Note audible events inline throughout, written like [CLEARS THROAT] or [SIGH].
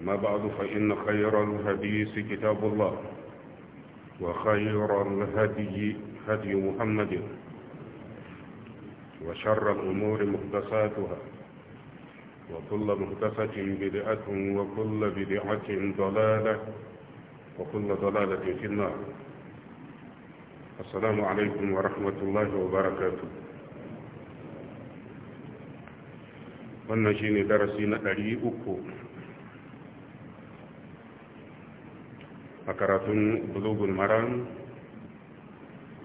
أما بعد فإن خير الحديث كتاب الله وخير الهدي هدي محمد وشر الأمور محدثاتها وكل محدثة بدعة وكل بدعة ضلالة وكل ضلالة في النار السلام عليكم ورحمة الله وبركاته ونجيني درسين أريئكم a karatun bulugun maran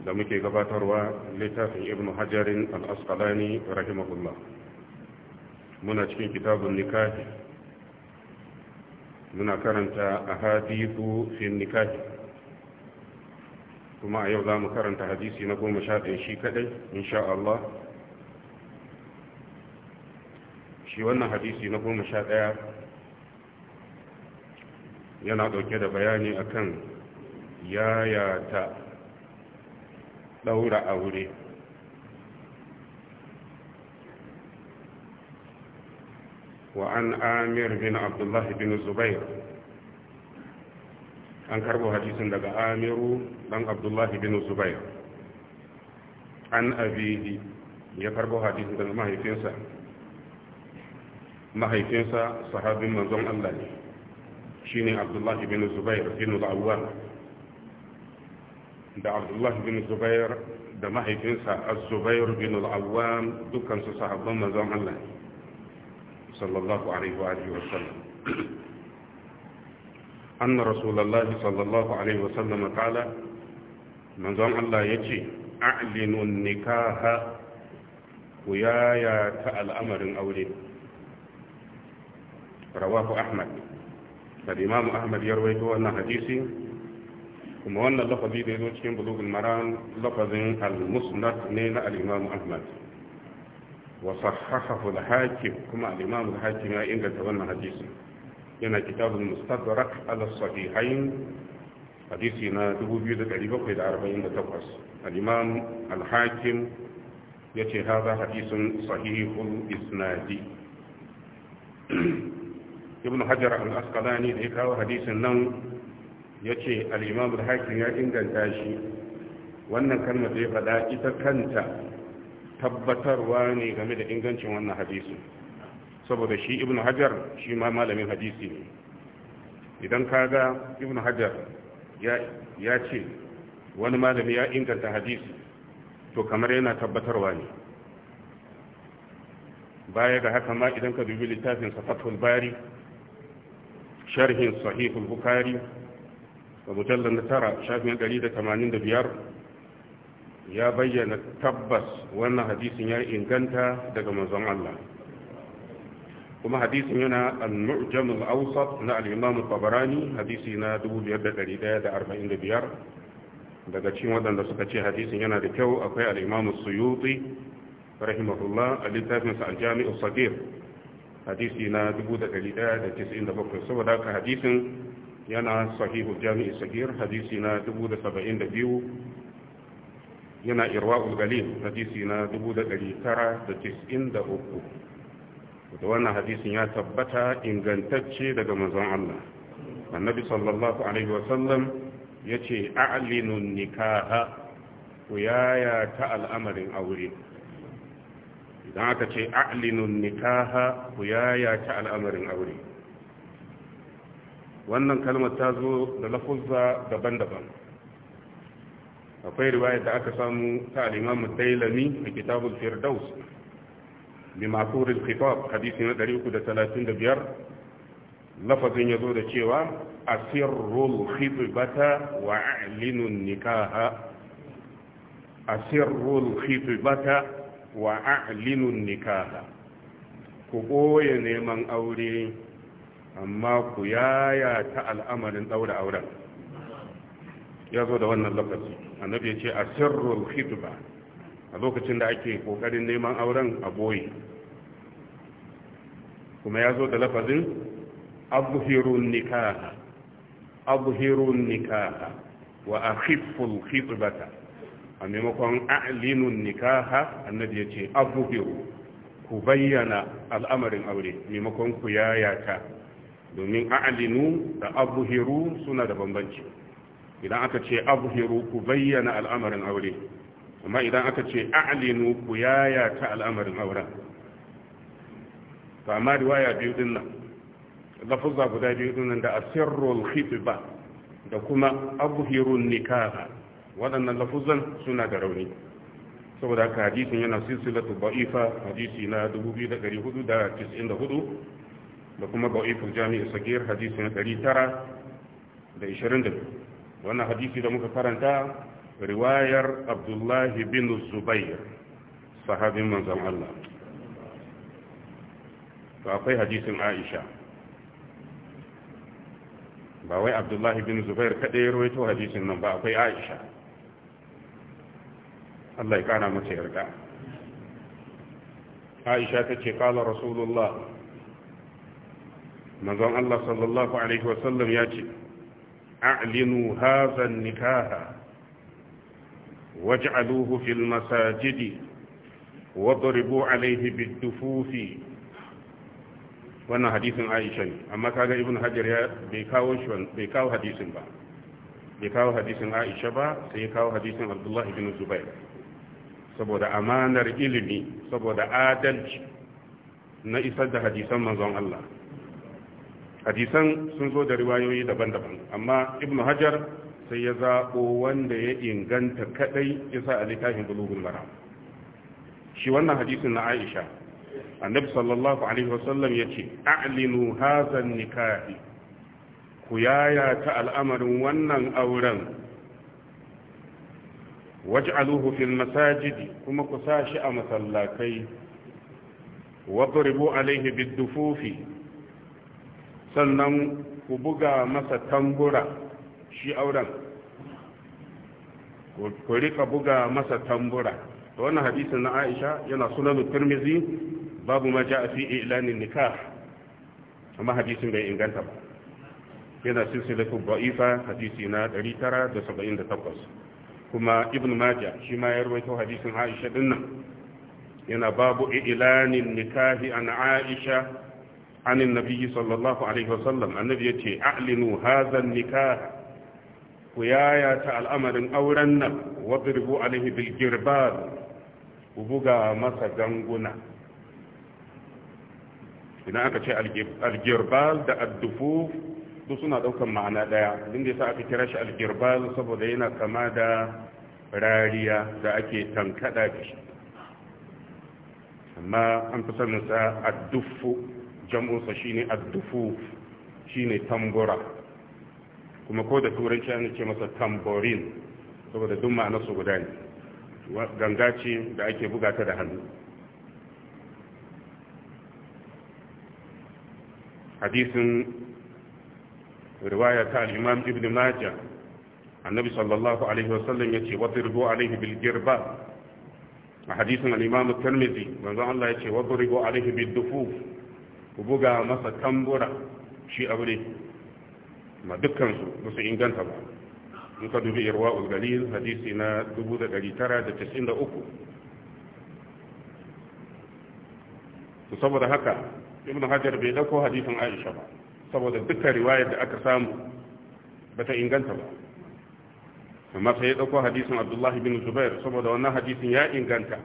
da muke gabatarwa littafin ibn hajjarin al'asqalani rahimahullah muna cikin kitabun nikahi muna karanta a hadithu fi nikahi kuma a yau za mu karanta hadisi na goma sha ɗaya shi kaɗai insha Allah shi wannan hadisi na goma sha ɗaya yana dauke da bayani akan yayata daura aure Wa an amir bin Abdullahi bin zubair an karbo hadisin daga amiru dan abdullahi bin zubair an abihi ya karbo hadisin daga mahaifinsa mahaifinsa sahabin manzon Allah ne ne abdullahi bin zubair bin al-awwal da abdullahi bin zubair da mahaifinsa az-zubair bin al-awwam dukkan su sahabban manzon Allah sallallahu alaihi wa wa sallam [CLEARS THROAT] anna rasulullahi sallallahu alaihi wa sallam qala manzon Allah ya yace a'linu nikaha ku yaya ta al'amarin aure rawahu ahmad al-imam ahmad ya rawaito wannan hadisi kuma wannan lafazi da ya zo cikin bulugul maram lafazin al-musnad ne na al-imam ahmad wa sahahahu al-hakim kuma al-imam al-hakim ya inganta wannan hadisi yana kitabul mustadrak ala sahihain hadisi na 2748 al-imam al-hakim yace hadha hadisun sahihul isnadi ibn hajar al-asqalani da ya kawo hadisin nan yace al-imam al-hakim ya inganta shi wannan kalmar da ya faɗa ita kanta tabbatarwa ne game da ingancin wannan hadisin saboda shi ibn hajar shi ma malamin hadisi ne idan kaga ibn hajar ya ce wani malami ya inganta hadisi to kamar yana tabbatarwa ne baya ga haka ma idan ka dubi littafin safatul bari sharhin sahihul bukari da mujallar na tara shafin biyar ya bayyana tabbas wannan hadisin ya inganta daga manzon Allah kuma hadisin yana al-mu'jam al-awsat na al-imam al-tabarani hadisi na 2145 daga cikin waɗanda suka ce hadisin yana da kyau akwai al-imam as-suyuti rahimahullah a littafinsa al-jami'u sadir hadisi na 1197 saboda haka hadisin yana sahihu jami'i sagir hadisi na 1072 yana irwa'ul galil hadisi na 1993 da wannan hadisin ya tabbata ingantacce daga mazan Allah annabi sallallahu alaihi wasallam yace a'linu nikaha ku yaya ta al'amarin aure don aka ce a'linun nikaha ku ta al'amarin aure wannan kalmar ta zo da lafuzza daban-daban akwai riwayar da aka samu ta al'imamu tailami a kitabul firdaus bi makurin khitab hadisi na 335 lafazin ya zo da cewa asirrul khitbata wa a'linun nikaha asirrul khitbata wa a'linun nikaha ku ɓoye neman aure amma ku yaya ta al'amarin ɗaura auren ya zo da wannan lokaci annabi ya ce a sirrul khitba a lokacin da ake kokarin neman auren a boye kuma ya zo da lafazin abhirun nikaha abhirun nikaha wa a akhiful khitbata a maimakon a'linun nikaha annabi ya ce abubuwa ku bayyana al'amarin aure maimakon ku yayata domin a'linu da abuhiru suna da bambanci idan aka ce abuhiru ku bayyana al'amarin aure amma idan aka ce a'linu ku yayata al'amarin auren to amma riwaya biyu din nan lafuzza guda biyu din nan da asirrul khitba da kuma abuhirun nikaha waɗannan lafuzan suna da rauni saboda haka hadisin yana silsilatu ba'ifa hadisi na 2494 da kuma ba'iful jami'i sagir hadisi na 922 wannan hadisi da muka karanta riwayar abdullahi bin zubair sahabin manzon Allah ba akwai hadisin aisha ba wai abdullahi bin zubair kaɗai ya rawaito hadisin nan ba akwai aisha Allah ya kara mata yarda Aisha ta ce kala Rasulullah manzon Allah sallallahu alaihi wasallam ya ce a'linu hadha an-nikaha waj'aluhu fil masajidi wadribu alaihi bid-dufufi wannan hadisin Aisha ne amma kaga Ibn Hajar ya bai kawo shi bai kawo hadisin ba bai kawo hadisin Aisha ba sai ya kawo hadisin Abdullah ibn Zubair saboda amanar ilimi saboda adalci na isar da hadisan manzon Allah hadisan sun zo da riwayoyi daban-daban amma ibnu hajar sai ya zaɓo wanda ya inganta kaɗai ya a littafin bulugun mara shi wannan hadisin na aisha annabi sallallahu alaihi wasallam ya ce a'linu hazan nikahi ku yaya ta al'amarin wannan auren waj'aluhu fil masajidi kuma ku sa shi a masallakai wadribu alaihi biddufufi sannan ku buga masa tambura shi auren ku rika buga masa tambura wannan hadisin na Aisha yana sunan Tirmidhi babu ma a fi i'lanin nikah amma hadisin bai inganta ba yana silsilatu da'ifa hadisi na 978 kuma ibn Maja, shi ma ya rawaito hadisin aisha dinnan yana babu ilanin nikahi an aisha an nabiyyi sallallahu alaihi wasallam annabi yace a'linu hadha nikah ku yaya ta al'amarin auren nan wadribu alaihi bil ku buga masa ganguna Ina aka ce Algirba da ad duk suna daukan ma'ana daya din da yasa aka kira shi algirbal saboda yana kama da rariya da ake tankada da shi amma an fi sanin sa addufu jam'un shine addufu shine tambura kuma ko da turanci an ce masa tamborin saboda duk ma'anar su guda ne ganga ce da ake buga ta da hannu hadisin riwaya ta al-imam ibn majah annabi sallallahu alaihi wasallam yace wadribu alaihi bil girba a hadisin al-imam at-tirmidhi manzo Allah yace wadribu alaihi bid dufuf ku buga masa tambura shi abu ne ma dukkan ba su inganta ba in ka dubi irwaul galil hadisi na 1993 saboda haka ibn hajar bai dauko hadisin aisha ba saboda dukkan riwayar da aka samu ba ta inganta ba amma sai ya ɗauko hadisin abdullahi bin zubair saboda wannan hadisin ya inganta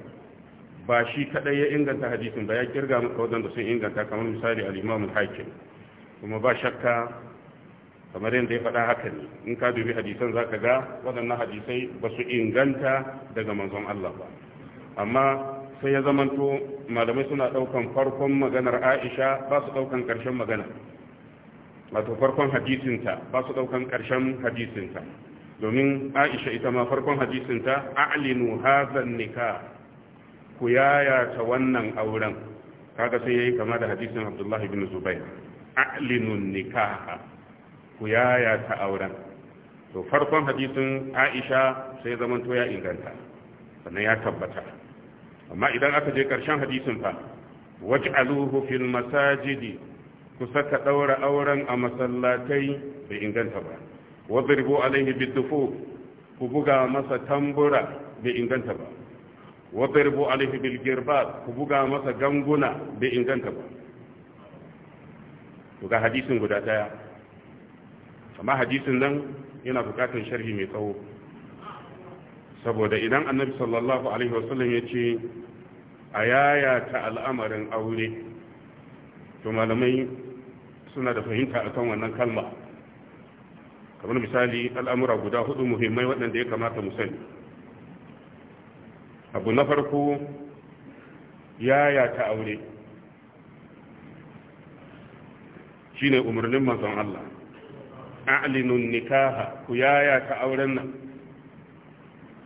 ba shi kaɗai ya inganta hadisin ba ya kirga maka da sun inganta kamar misali al'imamun hakim kuma ba shakka kamar yadda ya faɗa haka ne in ka dubi hadisan za ka ga waɗannan hadisai ba su inganta daga manzon Allah ba amma sai ya zamanto malamai suna ɗaukan farkon maganar aisha ba su ɗaukan ƙarshen magana wato farkon hadisinta ba su daukan karshen hadisinta domin aisha ita ma farkon hadisinta a'linu hazan nika ku yayata wannan auren kaga sai yayi kama da hadisin Abdullahi bin Zubair a'linu nikah ku yayata auren to farkon hadisin Aisha sai zaman to ya inganta sannan ya tabbata amma idan aka je karshen hadisin fa waj'aluhu fil masajidi ku saka ɗaura auren a masallatai bai inganta ba wadribu alaihi bidufu ku buga masa tambura bai inganta ba wadribu alaihi bilgirbat ku buga masa ganguna bai inganta ba to ga hadisin guda daya amma hadisin nan yana bukatar sharhi mai tsawo saboda idan annabi sallallahu alaihi wasallam ya ce a yayata al'amarin aure to malamai suna da fahimta a kan wannan kalma kamar misali al'amura guda hudu muhimmai waɗanda ya kamata mu sani abu na farko yaya ta aure Shi ne umarnin mazan Allah a'linun nikaha ku yaya ta auren nan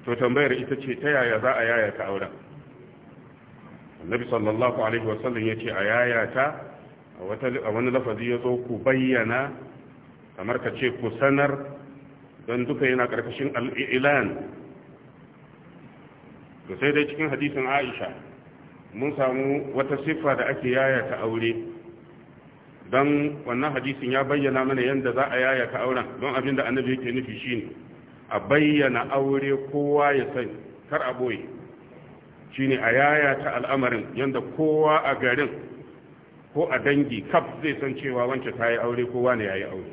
to tambayar ita ce ta yaya za a yaya ta auren nabi sallallahu alaihi wasallam yace a yaya ta a wani lafazi ya zo ku bayyana kamar ka ce ku sanar don duka yana ƙarƙashin al'ilan da sai dai cikin hadisin aisha mun samu wata siffa da ake yayata aure don wannan hadisin ya bayyana mana yadda za a yayata auren don abin da annabi yake nufi shi ne, a bayyana aure kowa ya sai kar a boye shine a yayata al'amarin yadda kowa a garin ko a dangi kaf zai san cewa wance ta yi aure ko wani ya yi aure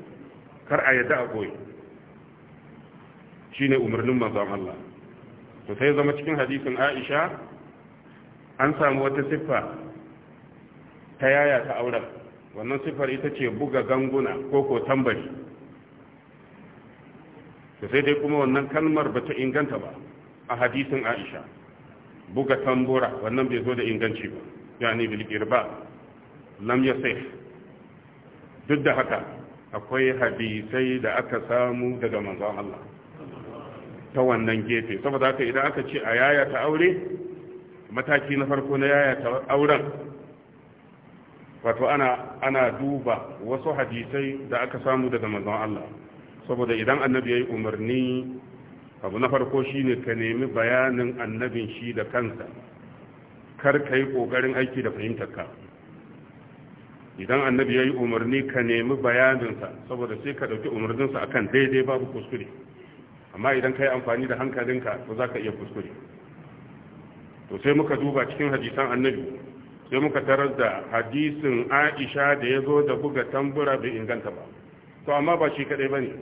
kar a yadda a koyi shine umarnin manzon Allah to sai zama cikin hadisin Aisha an samu wata siffa ta yaya ta auren wannan siffar ita ce buga ganguna ko ko tambari to sai dai kuma wannan kalmar ba ta inganta ba a hadisin Aisha buga tambura wannan bai zo da inganci ba yani bil irba lam sai duk da haka akwai hadisai da aka samu daga manzon Allah ta wannan gefe saboda haka idan aka ce a yaya ta aure mataki na farko na yaya ta auren wato ana ana duba wasu hadisai da aka samu daga manzon Allah saboda idan annabi yayi umarni abu na farko shine ka nemi bayanin annabin shi da kansa kar ka yi ƙoƙarin aiki da fahimtar ka idan annabi ya yi umarni ka nemi bayaninsa saboda sai ka ɗauki umarninsa a kan daidai babu kuskure amma idan ka yi amfani da hankalinka to za ka iya kuskure to sai muka duba cikin hadisan annabi sai muka tarar da hadisin aisha da ya zo da buga tambura bai inganta ba to amma ba shi kaɗai ba ne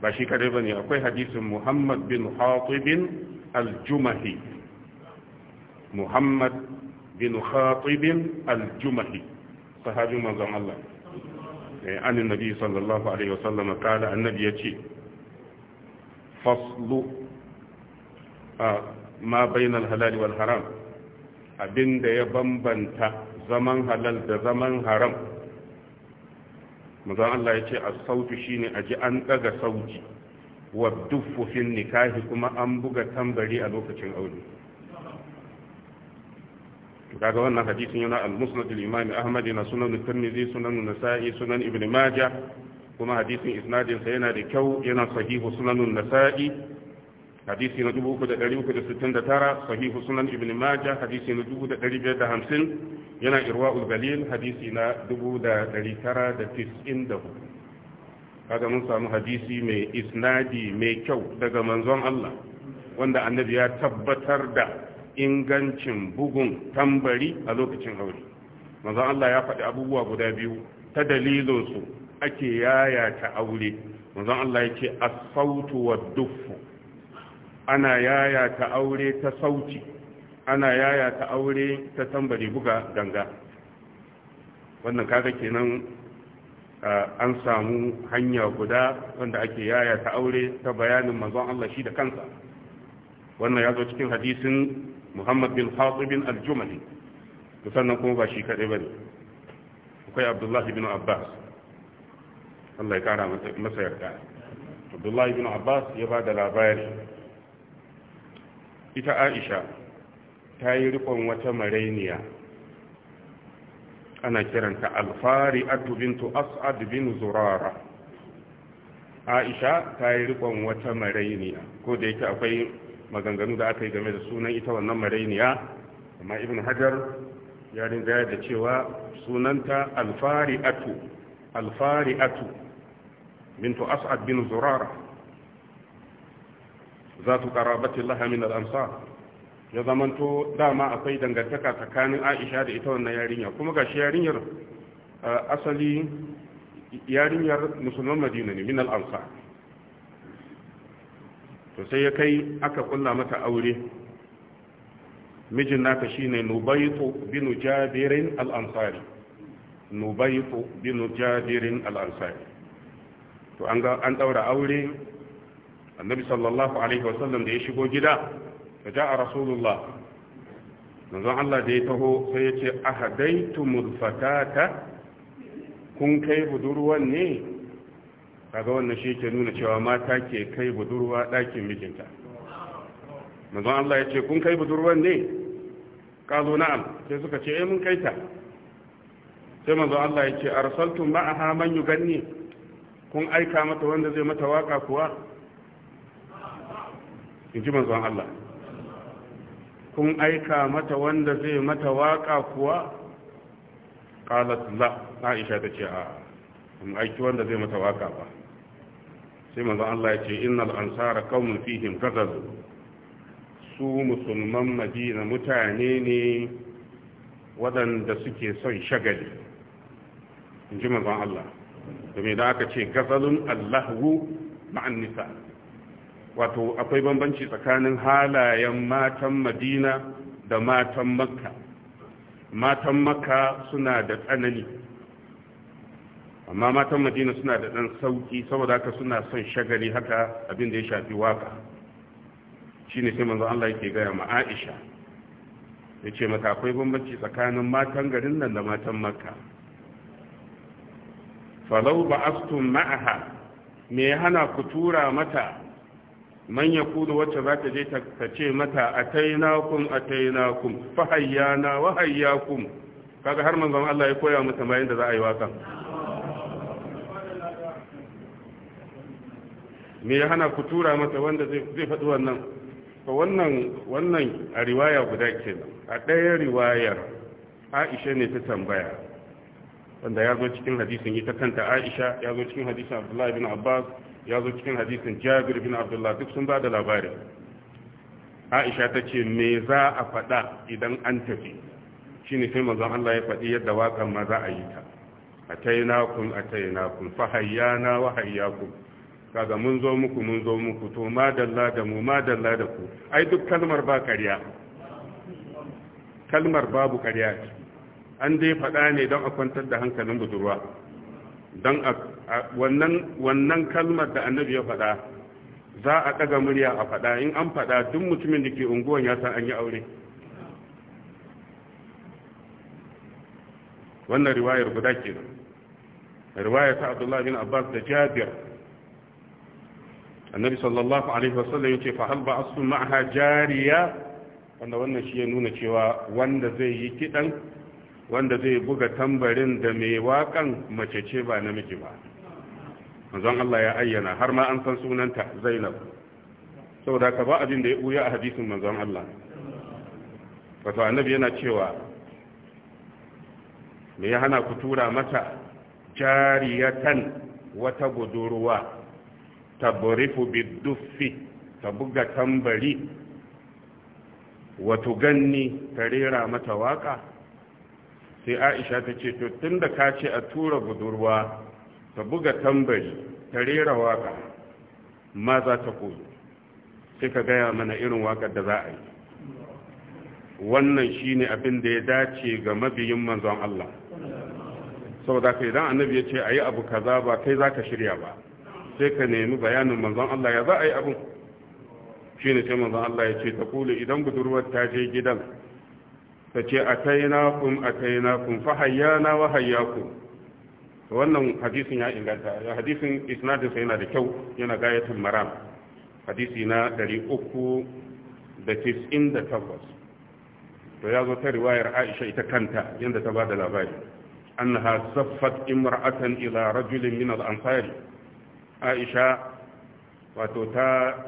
ba shi kaɗai ba ne akwai hadisin muhammad bin hatibin al muhammad bin hatibin al sahabin manzon Allah eh, an annabi sallallahu alaihi wasallam kada annabi yace faslu ma bainal halal wal haram abinda ya bambanta zaman halal da zaman haram manzon Allah yace as-sautu shine aji an daga sauti wa duffu fil nikahi kuma an buga tambari a lokacin aure kaga wannan hadisin yana al-musnad al-imam ahmad na sunan tirmidhi sunan nasa'i sunan ibn majah kuma hadisin isnadin sa yana da kyau yana sahihu sunan nasa'i hadisi na 3369 sahihu sunan ibn majah hadisi na 2550 yana irwaul galil hadisi na 1994 kaga mun samu hadisi mai isnadi mai kyau daga manzon Allah wanda annabi ya tabbatar da ingancin bugun tambari a lokacin aure Maza Allah ya faɗi abubuwa guda biyu ta dalilinsu ake ake yayata aure Maza Allah yake a sautu wa dufu ana yayata aure ta sauti ana yayata aure ta tambari buga ganga wannan kaga kenan an samu hanya guda wanda ake yaya ta aure ta bayanin maza Allah shi da kansa wannan ya zo cikin hadisin muhammad bin khatibin al-jumali sannan kuma ba shi kaɗai ba ne akwai abdullahi bin abbas allah ya kara masa yarda abdullahi bin abbas ya ba da labari ita aisha ta yi rikon wata marainiya ana kiranta alfari bintu as'ad bin zurara aisha ta yi rikon wata marainiya ko da yake akwai maganganu da aka yi game da sunan ita wannan marainiya amma ibn hajar ya rinjaya da cewa sunanta alfari'atu alfari'atu bintu as'ad bin zurara za su karabati laha min al'amsar ya zamanto dama akwai dangantaka tsakanin aisha da ita wannan yarinya kuma ga shi yarinyar asali yarinyar musulman madina ne min al'amsar to sai ya kai aka kulla mata aure mijin naka shine nubaitu binu jabirin al-ansari nubaitu binu jabirin al-ansari to an ga an daura aure annabi sallallahu alaihi wasallam da ya shigo gida da ja'a rasulullah manzon Allah da ya taho sai ya ce ahadaitumul fatata kun kai budurwan ne kaga wannan shi ke nuna cewa mata ke kai budurwa ɗakin mijinta mazan Allah ya ce kun kai budurwan ne kazo na'am sai suka ce eh, mun kai ta sai mazan Allah ya ce a haman yi ganni kun aika mata wanda zai mata waka kuwa in ji mazan Allah kun aika mata wanda zai mata waka kuwa kalat la Aisha ta ce a'a in aiki wanda zai mata waka ba sai manzo Allah ya ce innal ansara qaumun fihim ghazal su musulman madina mutane ne waɗanda suke son shagali in ji manzon Allah domin da aka ce gazalun allahu ma'an nisa wato akwai bambanci tsakanin halayen matan madina da matan makka matan makka suna da tsanani amma matan madina suna da ɗan sauƙi saboda haka suna son shagali haka abin da ya shafi waka shi ne sai manzo Allah yake gaya ma Aisha ya ce maka akwai bambanci tsakanin matan garin nan da matan makka falau ba astun ma'aha me ya hana ku tura mata man ya kudu wacce za ta je ta ce mata a kun, a tainakun fahayyana kun? kaga har manzon Allah ya koya mata bayan da za a yi wakan me ya hana ku tura masa wanda zai faɗi wannan wannan wannan a riwaya guda kenan a ɗaya riwayar aisha ne ta tambaya wanda ya zo cikin hadisin ita kanta aisha ya zo cikin hadisin abdullahi bin abbas ya zo cikin hadisin jabir bin abdullahi duk sun ba da labarin aisha ta ce me za a faɗa idan an tafi shi ne sai manzon Allah ya faɗi yadda waƙan ma za a yi ta a taina kun a taina kun fa hayyana wa hayyakum kaga mun zo muku mun zo muku to dalla da mu dalla da ku ai duk kalmar ba ƙarya kalmar babu ƙarya ce an dai faɗa ne don a kwantar da hankalin budurwa don wannan kalmar da annabi ya faɗa za a ɗaga murya a faɗa in an faɗa duk mutumin da ke unguwan ya san an yi aure wannan riwayar guda ke riwayar ta abdullahi bin abbas da jabir annabi sallallahu alaihi wasallam yace fa hal ba'su ma'ha jariya wanda wannan shi ya nuna cewa wanda zai yi kidan wanda zai buga tambarin da mai wakan mace ce ba namiji ba manzon Allah ya ayyana har ma an san sunanta Zainab saboda ka ba abin da ya buya a hadisin manzon Allah wato annabi yana cewa me ya hana ku tura mata jariyatan wata budurwa taburifu biduffi ta buga tambari wato ganni ta rera mata waka sai aisha ta ce to tunda ka ce a tura budurwa ta buga tambari ta rera waka ma za ta koyi sai ka gaya mana irin wakar da za a yi wannan shine abin da ya dace ga mabiyin manzon Allah saboda kai idan annabi ya ce a yi abu kaza ba kai zaka shirya ba sai ka nemi bayanin manzon Allah ya za a yi abin shi ne sai manzon Allah ya ce ta kula idan budurwar ta je gidan ta ce a tainakun a tainakun fa na wa ku. wannan hadisin ya inganta ya hadisin isnadin yana da kyau yana gayatul maram hadisi na tabbas. to ya zo ta riwayar Aisha ita kanta yanda ta ba da labari annaha saffat imra'atan ila rajulin min al-ansari aisha wato ta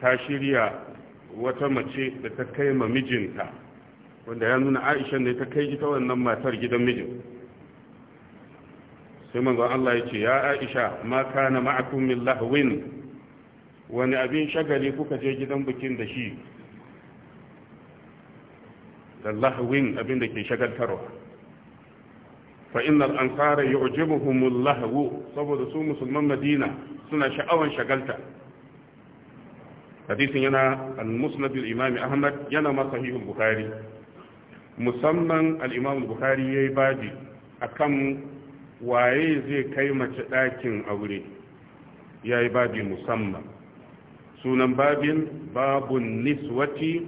ta shirya wata mace da ta kai ma mijinta wanda ya nuna aisha ne ta kai ita wannan matar gidan mijin sai manzon Allah ya ce ya aisha ma kana ma'akum min lahwin wani abin shagali kuka je gidan bikin da shi da lahwin abin da ke shagaltarwa fa innal ansara yu'jibuhumul lahwu saboda su musulman madina suna sha'awan shagalta hadisin yana al-musnad al-imam ahmad yana ma sahihul musamman al buhari al-bukhari yayi baji kan waye zai kai mace ɗakin aure yayi babi musamman sunan babin babun niswati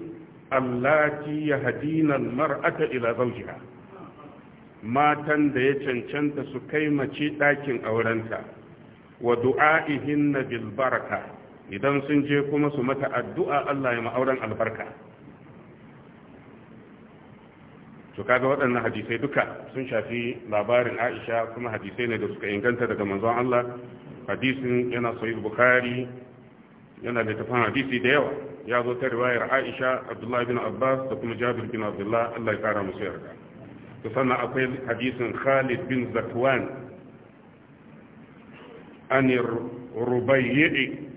allati yahdina al-mar'ata ila zawjiha matan da ya cancanta su kai mace ɗakin aurenta wa du'a'ihin na bilbarka idan sun je kuma su mata addu'a Allah ya ma'auren albarka to kaga waɗannan hadisai duka sun shafi labarin aisha kuma hadisai ne da suka inganta daga manzon Allah hadisin yana sahih bukhari yana da tafan hadisi da yawa ya zo ta riwayar aisha abdullahi bin abbas da kuma jabir bin Allah ya kara musu yarda to akwai hadisin Khalid bin Zakwan an Rubayyi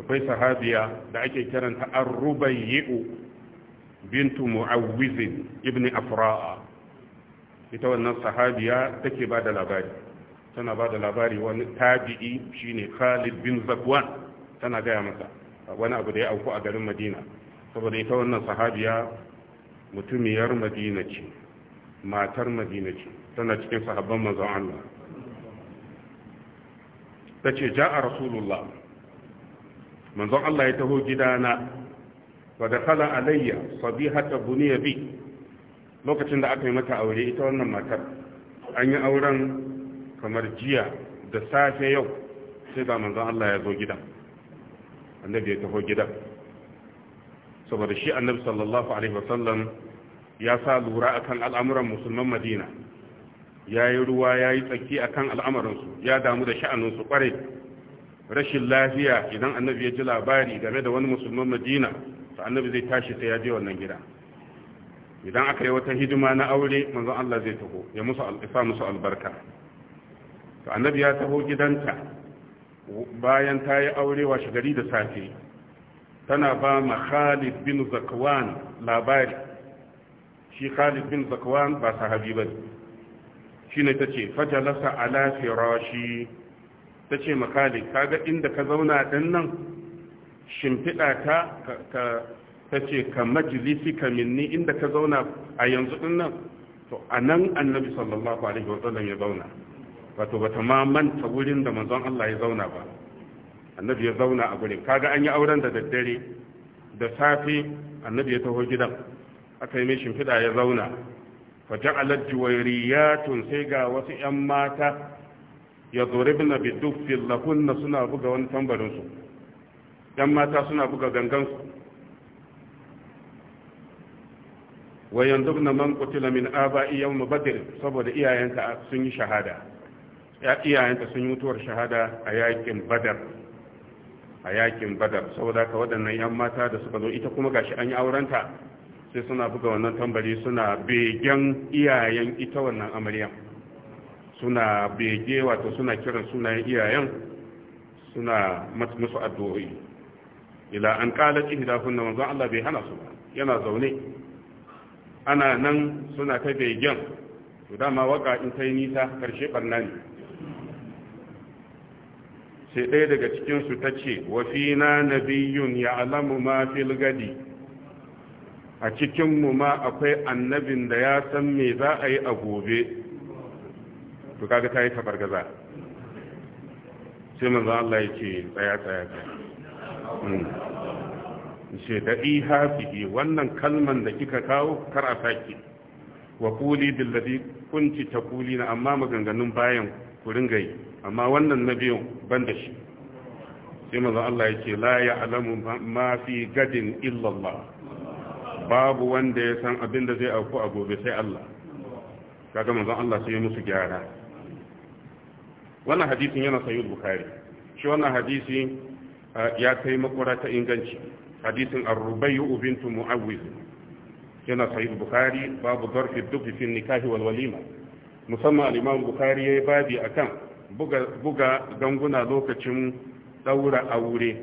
akwai sahabiya da ake kiranta Ar-Rubayyi bintu Mu'awwiz ibn Afra'a ita wannan sahabiya take ba da labari tana ba labari wani tabi'i shine Khalid bin Zakwan tana gaya masa wani abu da ya auku a garin Madina saboda ita wannan sahabiya mutumiyar madina ce matar madina ce tana cikin sahabban manzon Allah ta ce a rasulullah manzon Allah ya taho gidana wa kala alayya sabihata buniya bi lokacin da aka yi mata aure ita wannan matar an yi auren kamar jiya da safe yau sai ga manzon Allah ya zo gidan annabi ya taho gidan saboda shi annabi sallallahu alaihi wasallam ya sa lura akan al'amuran musulman madina ya yi ruwa ya yi tsaki akan al'amuransu ya damu da sha'aninsu kwarai rashin lafiya idan annabi ya ji labari game da wani musulman madina to annabi zai tashi ta ya je wannan gida idan aka yi wata hidima na aure manzon Allah zai taho ya musu alƙisa musu albarka to annabi ya taho gidanta bayan ta yi aure washe gari da safe tana ba ma Khalid bin Zakwan labari shi Khalid bin Zakwan ba sahabi ba ta ce, fajalasa ala firashi ce ma Khalid kaga inda ka zauna din nan shimfida ta ka tace ka minni inda ka zauna a yanzu din nan to nan, annabi sallallahu alaihi sallam, ya zauna wato bata ma manta wurin da manzon Allah ya zauna ba annabi ya zauna a gurin kaga an yi auren da daddare da safe annabi ya taho gidan aka yi mishin fida ya zauna fa ja'alat juwayriyatun sai ga wasu 'yan mata ya zuribna bi duffin lahunna suna buga wani tambarin su 'yan mata suna buga gangan su wa dubna man qutila min aba'i yawm badr saboda iyayenta sun yi shahada ya iyayenta sun yi mutuwar shahada a yakin badar a yakin badar saboda ka waɗannan yan mata da suka zo ita kuma gashi an yi aurenta sai suna buga wannan tambari suna begen iyayen ita wannan amarya. suna bege wato suna kiran sunayen iyayen suna musu addu'o'i ila an qalat ihdahunna manzon Allah bai hana su yana zaune ana nan suna ta begen to dama waka in sai nisa karshe barna ne sai ɗaya daga cikinsu ta ce na nabiyun ya alamu ma fil gadi a cikinmu ma akwai annabin da ya san me za a yi a gobe to kaga ta yi tabargaza sai manzo Allah ya ce tsaya tsaya hmm. ce da ihafihi wannan kalman da kika kawo kar a saki wa kuli billadi kunci ta na amma maganganun bayan ku ringa yi amma wannan na biyun ban da shi sai mazan Allah ya ce la alamu ma fi gadin illallah babu wanda ya san abin da zai auku a gobe sai Allah kaga mazan Allah sai musu gyara wannan hadisin yana Sayyid bukari shi wannan hadisi ya kai makwara ta inganci hadisin arrubayu ubintu mu'awwiz yana Sayyid bukari babu zarfi duk fi nikahi wal walima musamman al'imam bukari ya yi babi a kan buga ganguna lokacin ɗaura aure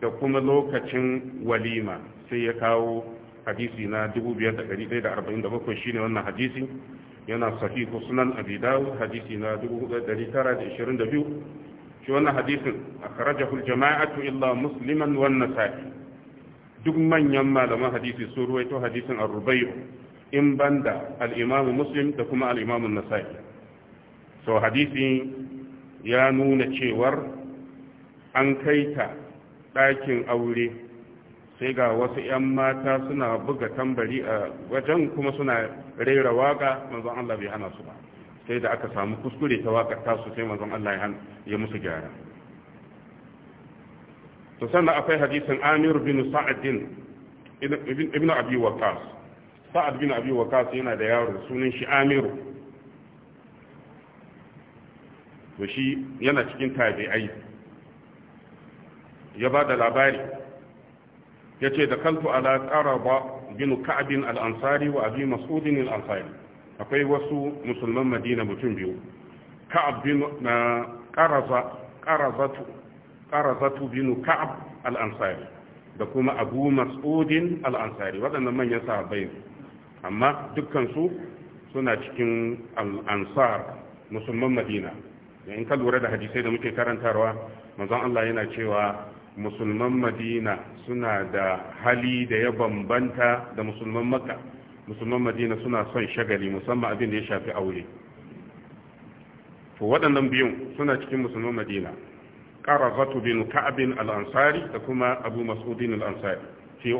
da kuma lokacin walima sai ya kawo hadisi na 5,147 shine wannan hadisi yana sahihu sunan abidawu hadisi na 4,922 shi wannan hadisin a karajahul jama'atu illa musliman wannan sa'i duk manyan malaman hadisi sun ruwaito hadisin arrubayu in banda al'imamu muslim da kuma al'imamun nasa'i so hadisi ya nuna cewar an kai ta ɗakin aure sai ga wasu ‘yan mata suna buga tambari a wajen kuma suna rera waka manzon Allah bai hana su ba sai da aka samu kuskure ta wakar tasu sai manzon Allah ya musu gyara to sannan akwai hadisin amir bin sa'adin ibn abi waqas sa'ad bin abi waqas yana da yaro sunan shi amiru to shi yana cikin tabi'ai ya ba da labari ya ce da kaltu ala qaraba bin ka'ab al-ansari wa abi mas'ud al-ansari akwai wasu musulman madina mutum biyu ka'ab bin qaraza qarazatu qarazatu bin ka'ab al-ansari da kuma abu mas'ud al-ansari waɗannan manyan sahabbai amma dukkansu suna cikin al'ansar musulman madina da in ka lura da hadisai da muke karantarwa manzon Allah yana cewa musulman madina suna da hali da ya bambanta da musulman makka musulman madina suna son shagali musamman abin da ya shafi aure to waɗannan biyun suna cikin musulman madina ƙara qarazatu bin ka'abin al'ansari da kuma abu masu al-ansari fi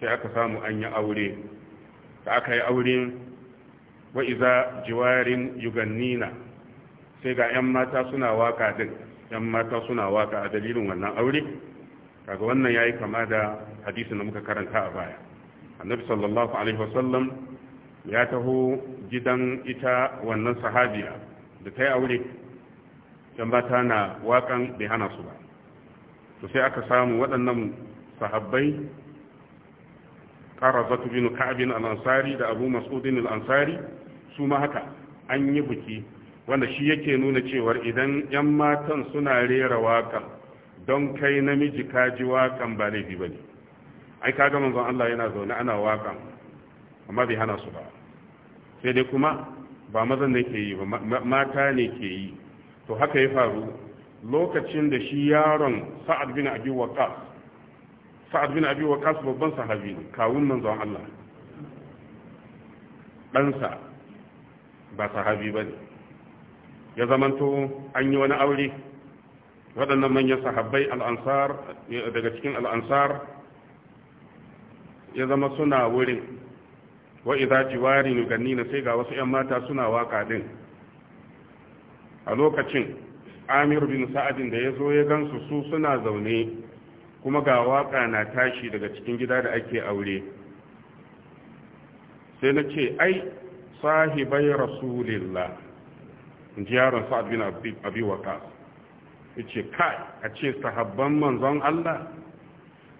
sai aka samu an yi aure da aka yi auren wa'iza jiwarin yugannina sai ga 'yan mata suna waka din 'yan mata suna waka a dalilin wannan aure kaga wannan ya yi kama da hadisi da muka karanta a baya annabi sallallahu alaihi wasallam ya taho gidan ita wannan sahabiya da ta yi aure don ba na waƙan bai hana su ba to sai aka samu waɗannan sahabbai qarazatu bin ka'ab al-ansari da abu mas'ud al-ansari su ma haka an yi buki wanda shi yake nuna cewar idan yan matan suna rera waka, don kai namiji ka ji wakan ba laifi bane ai kaga manzon Allah yana zaune ana waka. amma bai hana su ba sai dai kuma ba mazan ne ke yi ba mata ne ke yi to haka ya faru lokacin da shi yaron sa'ad bin abi waqas sa'ad bin abi waqas babban sahabi ne kawun manzon Allah ɗansa ba sahabi ba ne ya zamanto an yi wani aure waɗannan manyan sahabbai al'ansar daga cikin al'ansar ya zama suna wurin wa iza jiwari ganni na sai ga wasu ‘yan mata suna waka din a lokacin amir bin sa'adin da ya zo ya gansu su suna zaune kuma ga waka na tashi daga cikin gida da ake aure sai na ce ai sahibai rasulillah in ji yaron sa'ad bin waka ya ce kai a ce sahabban manzon Allah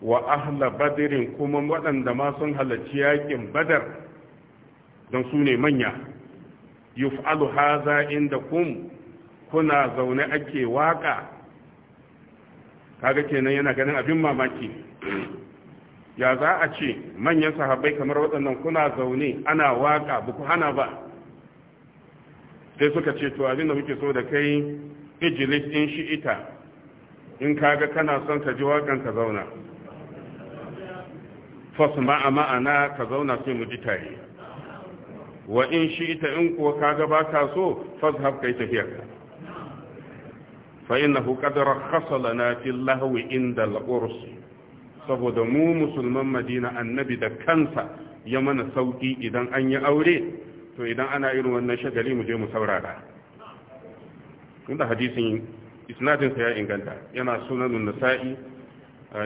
wa ahla badirin kuma waɗanda ma sun halarci yakin badar don su ne manya yuf'alu haza inda kun kuna zaune ake waka kaga kenan yana ganin abin mamaki ya za a ce manyan sahabbai kamar waɗannan kuna zaune ana waka buku hana ba sai suka ce to abin da muke so da kai ijilis in shi ita in kaga kana son ka ji wakan ka zauna fasu ma'a ma'ana ka zauna sai mu ji tare wa in shi ita in kuwa kaga ba ka so fasu haf kai tafiyarka فإنه قد رخص لنا في اللهو inda القرص saboda mu musulman madina annabi da kansa ya mana sauki idan an yi aure to idan ana irin wannan shagali mu je mu saurara inda hadisin isnadinsa ya inganta yana sunanun nasa'i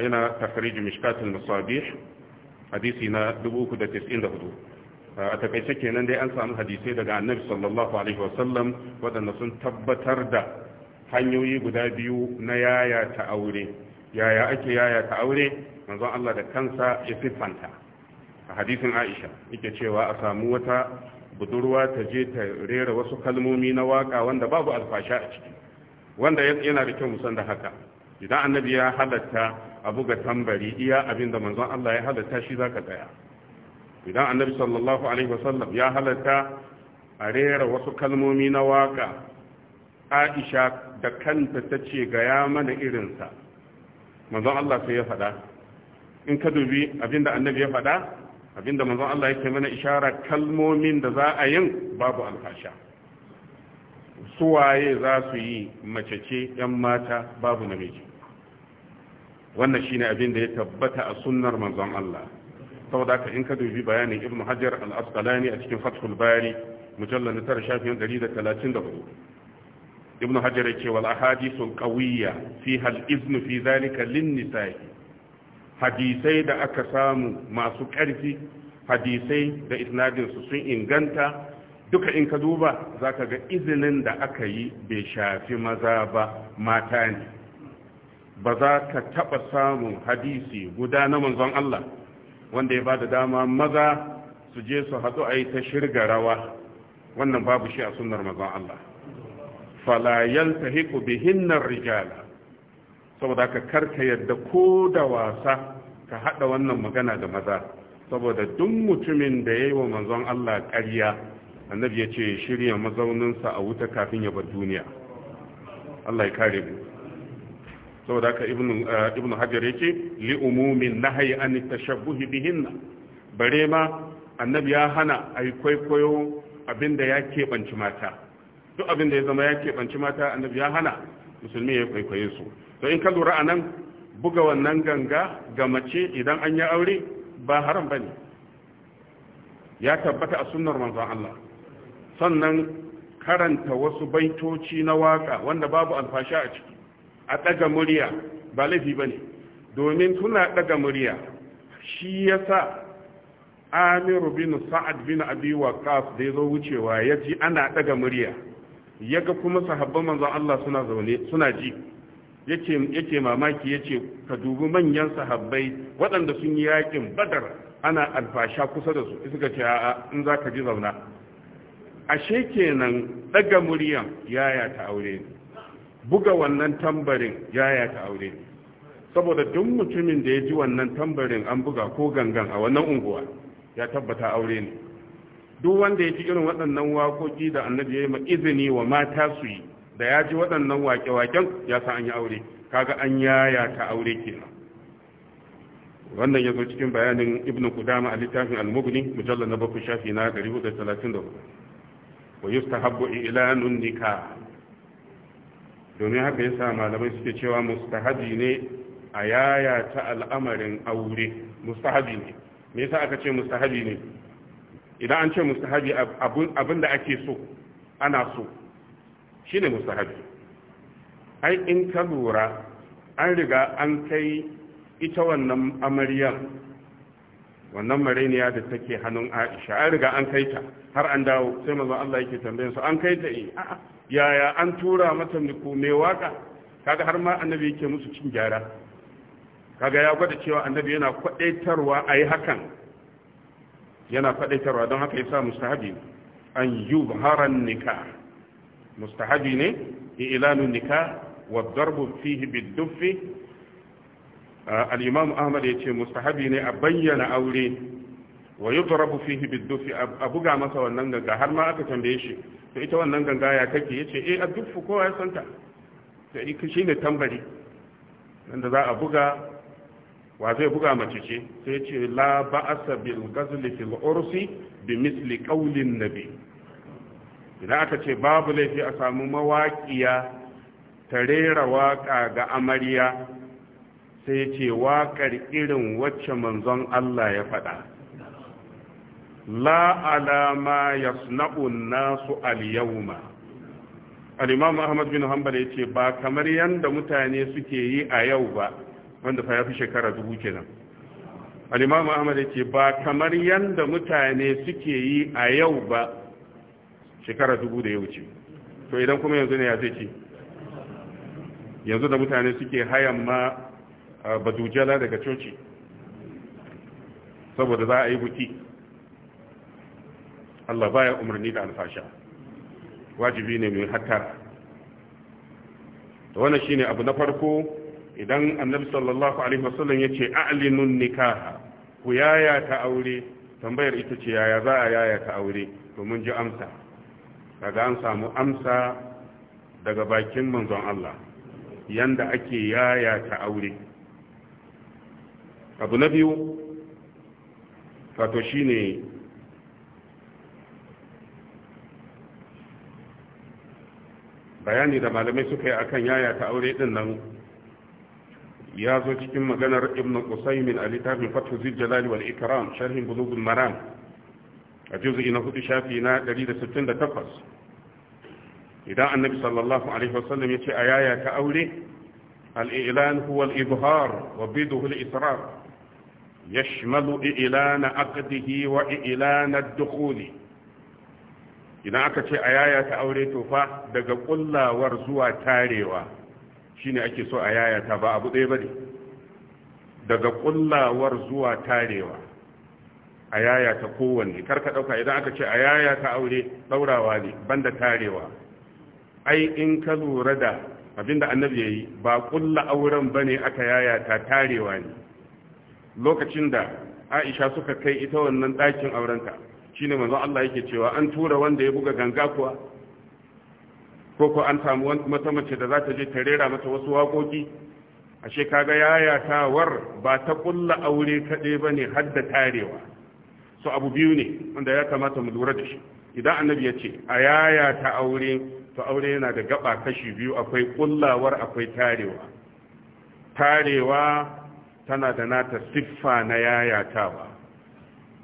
yana takariji mishkatul musabih hadisi na 394 a takaice kenan dai an samu hadisai daga annabi sallallahu alaihi wasallam waɗanda sun tabbatar da hanyoyi guda biyu na yaya ta aure yaya ake yaya ta aure manzon Allah da kansa ya siffanta a hadisin Aisha yake cewa a samu wata budurwa ta je ta rera wasu kalmomi na waka wanda babu alfasha a ciki wanda yana da kyau musan da haka idan annabi ya halatta a buga tambari iya abin da manzon Allah ya halatta shi zaka tsaya idan annabi sallallahu alaihi wasallam ya halatta a rera wasu kalmomi na waka aisha da kanta ta ce gaya mana irinsa manzon Allah sai ya faɗa in ka dubi abinda annabi ya faɗa abinda manzon Allah yake mana ishara kalmomin da za a yin babu alfasha suwaye za su yi mace ce yan mata babu namiji wannan shine da ya tabbata a sunnar manzon Allah saboda ka in ka dubi bayanin Ibn hajar al-asqalani a cikin fathul bari mujallal 9 shafin 134 ibn Hajara yake wal ahadithul qawiyya fiha al izn fi zalika lin nisa'i hadisai da aka samu masu ƙarfi hadisai da isnadin su sun inganta duka in ka duba zaka ga izinin da aka yi bai shafi maza ba mata ne ba za ka taɓa samun hadisi guda na manzon Allah wanda ya ba da dama maza su je su haɗu a yi ta shirga rawa wannan babu shi a sunnar manzon Allah fala yantahiqu bihinnar rijala saboda ka karka yadda ko da wasa ka haɗa wannan magana da maza saboda duk mutumin da yayi wa manzon Allah ƙarya annabi ya ce shirya mazauninsa a wuta kafin ya bar duniya Allah ya kare mu saboda haka ibnu eh, ibnu hajar yake li umumin nahyi an tashabbuhi bihinna bare ma annabi ya hana ai kwaikwayo abinda ya keɓanci mata duk abin da ya zama ya keɓanci mata annabi ya hana musulmi ya kwaikwaye su to in ka lura a nan buga wannan ganga ga mace idan an yi aure ba haram ba ne ya tabbata a sunnar manzon Allah sannan karanta wasu baitoci na waka wanda babu alfasha a ciki a ɗaga murya ba laifi ba ne domin suna ɗaga murya shi ya sa amiru bin sa'ad bin abi waqas da ya zo wucewa ya ji ana ɗaga murya ya ga kuma sahabban manzon Allah suna zaune suna ji yake mamaki yace ka dubi manyan sahabbai waɗanda sun yi yakin badar ana alfasha kusa da su suka ce a'a in za ka ji zauna ashe kenan daga muryan yaya ta aure buga wannan tambarin yaya ta aure saboda duk mutumin da ya ji wannan tambarin an buga ko gangan a wannan unguwa ya tabbata aure ne duk wanda ya ji irin waɗannan waƙoƙi da annabi ya yi izini wa mata su yi da ya ji waɗannan waƙe-waƙen ya sa an yi aure kaga an yaya ta aure kenan wannan ya zo cikin bayanin ibnu kudama a littafin al mujallar na bakwai shafi na 434 wa yustahabbu ilanun nika domin haka yasa malamai suke cewa mustahabi ne a yaya ta al'amarin aure mustahabi ne me yasa aka ce mustahabi ne idan an ce mustahabi abin da ake so ana so shine mustahabi ai in ka lura an riga an kai ita wannan amaryar wannan mareniya da take hannun aisha an riga an kai ta har an dawo sai mazan allah yake tambayin su an kai ta eh yaya an tura mata ko mai waka kaga har ma annabi yake musu cin gyara kaga ya gwada cewa annabi yana kwadaitarwa a yi hakan yana faɗaitarwa don haka yasa mustahabi an yubharan nikah mustahabi ne i'lanun nikah wa darbu fihi biduffi al-imam ahmad yace mustahabi ne a bayyana aure wa yudrabu fihi biduffi a buga masa wannan ganga har ma aka tambaye shi to ita wannan ganga ya kake yace eh a duffu kowa ya santa to shi ne tambari wanda za a buga wa zai buga mace ce sai ce la ba'asa bil ghazli fil ursi bi misli qawlin nabi idan aka ce babu laifi a samu mawaƙiya ta rera waƙa ga amarya sai ce waƙar irin wacce manzon Allah ya faɗa la alama yasna'un nasu al-yawma al-imam Ahmad bin Hanbal yace ba kamar yanda mutane suke yi a yau ba wanda fa ya fi shekara dubu kenan al'imamu ahmad ya ce ba kamar yadda mutane suke yi a yau ba shekara dubu da ya wuce to idan kuma yanzu ne ya zai ce yanzu da mutane suke hayan ma badujala daga coci saboda za a yi buki Allah baya umarni da alfasha wajibi ne mai hatta To wannan shine abu na farko idan annabi sallallahu alaihi wasallam ya ce a'linun nikaha ku yaya ta aure tambayar ita ce yaya za a yaya ta aure mun ji amsa kaga an samu amsa daga bakin manzon Allah yanda ake yaya ta aure abu na biyu fato shine bayani da malamai suka yi akan yaya ta aure din nan ya zo cikin maganar ibn qusaymin a littafin fathu zil jalali wal ikram sharhin bulughul maram a juz'i na hudu shafi na 168 idan annabi sallallahu alaihi wasallam yace ayaya ta aure al-i'lan huwa al-izhar wa biduhu al-israr yashmalu i'lan aqdihi wa i'lan ad-dukhul idan aka ce ayaya ta aure to fa daga kullawar zuwa tarewa shine ake so a yayata ba abu ɗaya bane daga kullawar zuwa tarewa a yayata kowanne karka ɗauka idan aka ce a yayata aure ɗaurawa ne banda tarewa ai in ka lura da abinda annabi ya yi ba kulla auren ba ne aka yayata tarewa ne lokacin da Aisha suka kai ita wannan ɗakin aurenta shine manzon Allah yake cewa an tura wanda ya buga ganga kuwa ko ko an samu mata mace da za ta je ta rera mata wasu waƙoƙi ashe kaga yayatawar ba ta ƙulla aure kaɗai ba ne har da tarewa so abu biyu ne wanda ya kamata mu lura da shi idan annabi ya ce a yayata aure to aure yana da gaba kashi biyu akwai kullawar akwai tarewa tarewa tana da nata siffa na yayatawa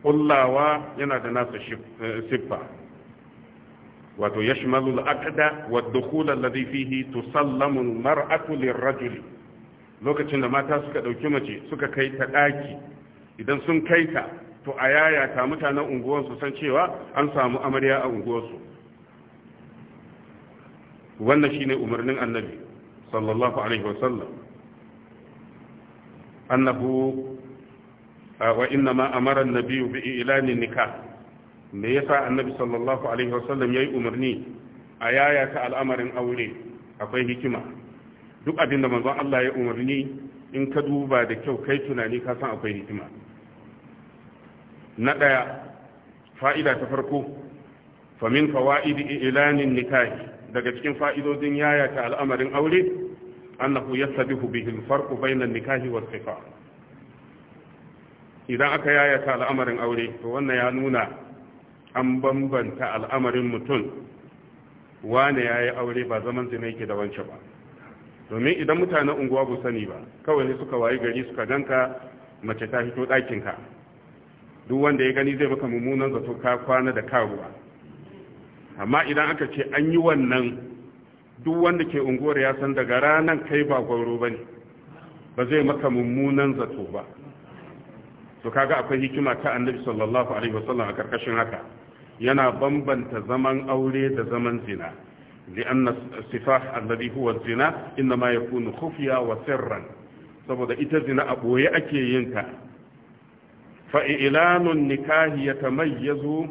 kullawa yana da nata eh, siffa wato yashmalu al-aqda wa ad-dukhul alladhi fihi tusallamu rajuli lokacin da mata suka ɗauki mace suka kai ta ɗaki, idan sun kai ta to a yayata mutanen unguwar san cewa an samu amarya a unguwar Wannan wannan shine umarnin annabi sallallahu alaihi wasallam annahu wa inna ma amara an-nabiyyu bi ilani nikah me yasa annabi sallallahu alaihi wasallam yayi umarni a yayata al'amarin aure akwai hikima duk abinda manzon Allah ya umarni in ka duba da kyau kai tunani ka san akwai hikima na daya fa'ida ta farko famin fawaidi ilanin nikahi daga cikin fa'idodin yayata al'amarin aure annahu yastabihu bihi al-farqu bayna an-nikahi wal-khifaf idan aka yayata al'amarin aure to wannan ya nuna an bambanta al'amarin mutum wane ya yi aure ba zaman zina yake da wance ba domin idan mutanen unguwa ba sani ba kawai ne suka wayi gari suka ganka mace ta fito ɗakinka duk wanda ya gani zai maka mummunan zato ka kwana da karuwa amma idan aka ce an yi wannan duk wanda ke unguwar ya san daga ranar kai ba gwauro ba ne ba zai maka mummunan zato ba to kaga akwai hikima ta annabi sallallahu alaihi wasallam a karkashin haka yana bambanta zaman aure da zaman zina لأن السفاح الذي هو الزنا إنما يكون خفيا وسرا saboda ita zina a ɓoye ake yin ta fa'i'ilanun nikahi ya tamayyazu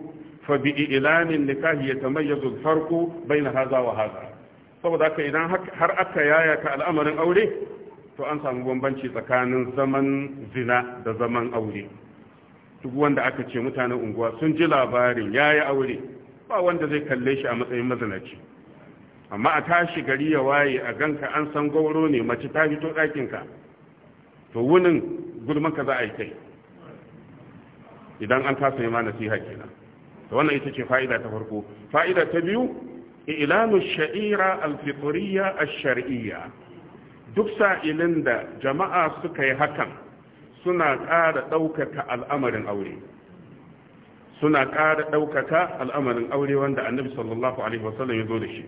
fa'i'ilanin nikahi ya tamayyazu farko bai na haza wa haza saboda haka idan har aka yaya ta al'amarin aure to an samu bambanci tsakanin zaman zina da zaman aure duk wanda aka ce mutanen unguwa sun ji labarin ya yi aure ba wanda zai kalle shi a matsayin mazanaci amma a tashi gari ya waye a ganka an san gauro ne mace ta fito ɗakinka to wunin ka za a yi kai idan an kasa yi ma nasiha kenan to wannan ita ce fa'ida ta farko fa'ida ta biyu ilanu sha'ira alfitriya a shariyya duk sa'ilin da jama'a suka yi hakan suna ƙara ɗaukaka al'amarin aure suna ƙara ɗaukaka al'amarin aure wanda annabi sallallahu alaihi wasallam ya zo da shi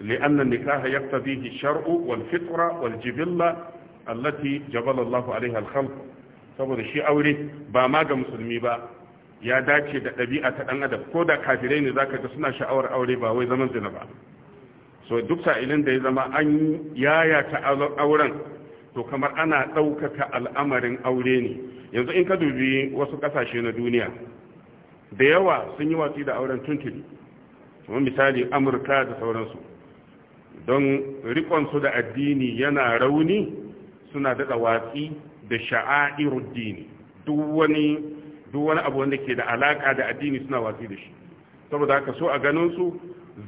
li'annan nikaha yaktabihi shar'u wal fitra wal jibilla allati jabala Allah alaiha al khalq saboda shi aure ba ma ga musulmi ba ya dace da ɗabi'a ta ɗan adam ko da kafirai ne zaka ga suna sha'awar aure ba wai zaman zina ba so duk sa'ilin da ya zama an yaya ta auren to kamar ana ɗaukaka al'amarin aure ne yanzu in ka dubi wasu ƙasashe na duniya da yawa sun yi watsi da auren tuntuni kuma misali amurka da sauransu don rikonsu da addini yana rauni suna daɗa watsi da sha'a'ir dini duk wani abu wanda ke da alaƙa da addini suna watsi da shi saboda haka so a ganinsu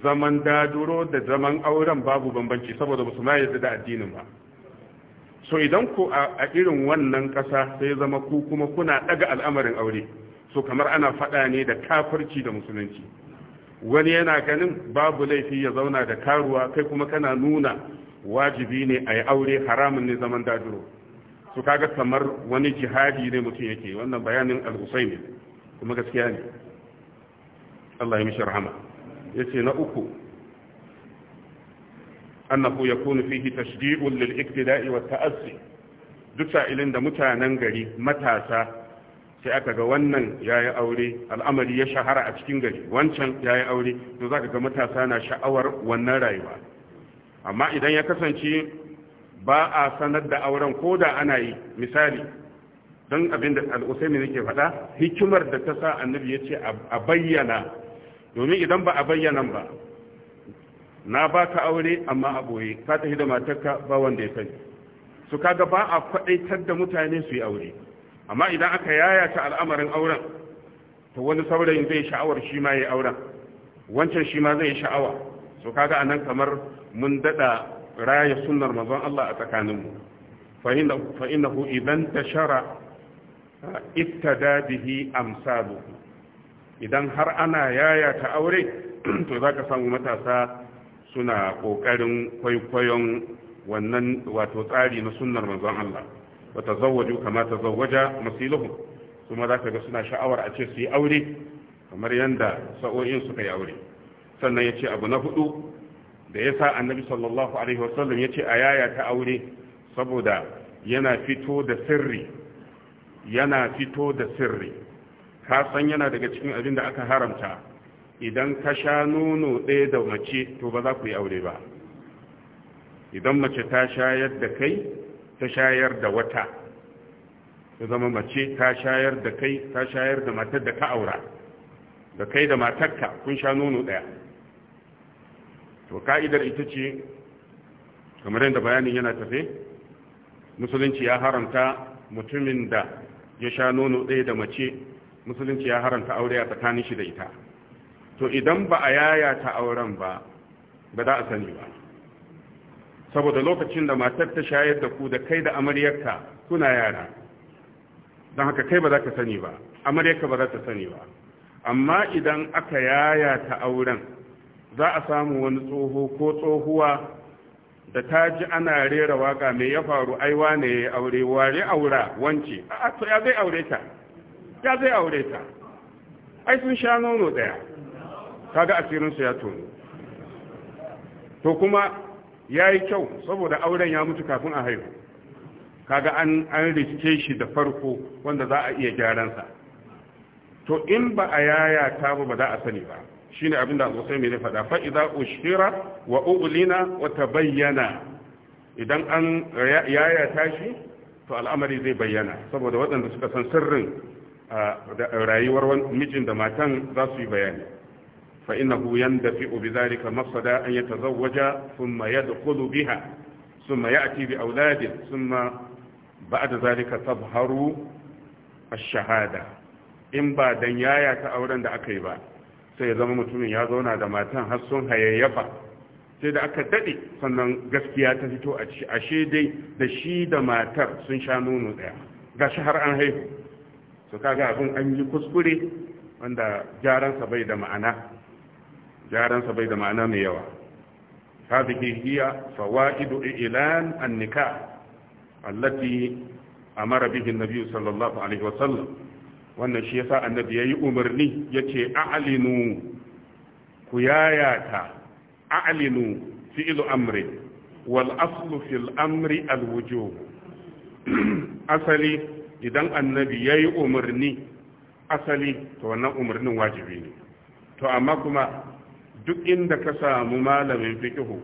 zaman daduro da zaman auren babu bambanci saboda musulman yadda da addinin ba so idan ku a irin wannan ƙasa sai zama ku kuma kuna ɗaga al'amarin aure so kamar ana faɗa ne da kafirci da musulunci wani yana ganin babu laifi ya zauna da karuwa kai kuma kana nuna wajibi ne a yi aure haramun ne zaman daduro su kaga kamar wani jihadi ne mutum yake wannan bayanin al'usai ne kuma gaskiya ne Allah ya mishi rahama yace na uku annahu yakunu fihi tashji'un lil iktida'i wa ta'assi duk sa'ilin da mutanen gari matasa sai aka ga wannan yayi aure al'amari ya shahara a cikin gari wancan yayi aure to zaka ga matasa na sha'awar wannan rayuwa amma idan ya kasance ba a sanar da auren ko da ana yi misali don abin da al'usaimi nake faɗa hikimar da ta sa annabi ya ce a bayyana domin idan ba a bayyana ba na ba ka aure amma a boye ka tafi da matarka ba wanda ya sani su kaga ba a kwadaitar da mutane su yi aure amma idan aka yayata al'amarin auren to wani saurayin zai sha'awar shi ma yayi auren wancan shi ma zai sha'awa su kaga anan kamar mun daɗa raya sunnar manzon Allah a tsakaninmu fa inna fa innahu idan tashara eh, iftada bihi amsaluhu idan har ana yayata aure [CLEARS THROAT] to za ka samu matasa suna ƙoƙarin kwaikwayon wannan wato tsari na sunnar manzon Allah wa tazawwaju kama tazawwaja masiluhu kuma zaka ga suna sha'awar a ce su yi aure kamar yanda sa'o'in suka yi aure sannan yace abu na hudu da yasa annabi sallallahu alaihi wasallam yace a yaya ta aure saboda yana fito da sirri yana fito da sirri ka san yana daga cikin abin da aka haramta idan ka sha nono ɗaya da mace to ba za ku yi aure ba idan mace ta shayar da kai ta shayar da wata ta zama mace ta shayar da kai ta shayar da matar da ka aura da kai da matarka kun sha nono ɗaya to ka'idar ita ce kamar yadda bayanin yana tafe musulunci ya haramta mutumin da ya sha nono ɗaya da mace musulunci ya haramta aure a tsakanin shi da ita to idan ba a yaya ta auren ba ba za a sani ba saboda lokacin da matar ta shayar da ku da kai da amaryarka kuna yara don haka kai ba za ka sani ba amaryarka ba za ta sani ba amma idan aka yaya ta auren za a samu wani tsoho ko tsohuwa da ta ji ana rera waka mai ya faru aiwa ne ya aure ware aura wance a to ya zai aure ta ya zai aure ta ai sun sha nono daya kaga asirinsa ya tono to kuma ya yi kyau saboda auren ya mutu kafin a haihu kaga an an riske shi da farko wanda za a iya gyaran sa, to in ba a yaya ba ba za a sani ba shine abin da sosai mai faɗa fa idza ushira wa u'lina wa tabayyana idan an yaya tashi to al'amari zai bayyana saboda waɗanda suka san sirrin rayuwar mijin da matan za su yi bayani guyan فإنه يندفع بذلك مقصد أن يتزوج ثم يدخل بها ثم يأتي بأولاده ثم بعد ذلك a shahada. in ba dan yaya ta auren da aka yi ba sai ya zama mutumin ya zauna da matan har sun hayayyafa sai da aka daɗe sannan gaskiya ta fito a shi dai da shi da matar sun sha nono ɗaya ga shi har an haihu su kaga abin an yi kuskure wanda jaransa bai da ma'ana Jaransa bai da ma'ana mai yawa hadhihi hiya fawaidu ilan an-nikah allati amara bihi an-nabi sallallahu alaihi wa sallam, wannan shi yasa annabi yayi umarni yace a'linu ku yayata a'linu fi'lu amri wal aslu fil amri al asali idan annabi yayi umarni asali to wannan umarnin wajibi ne to amma kuma duk inda ka samu malamin fikihu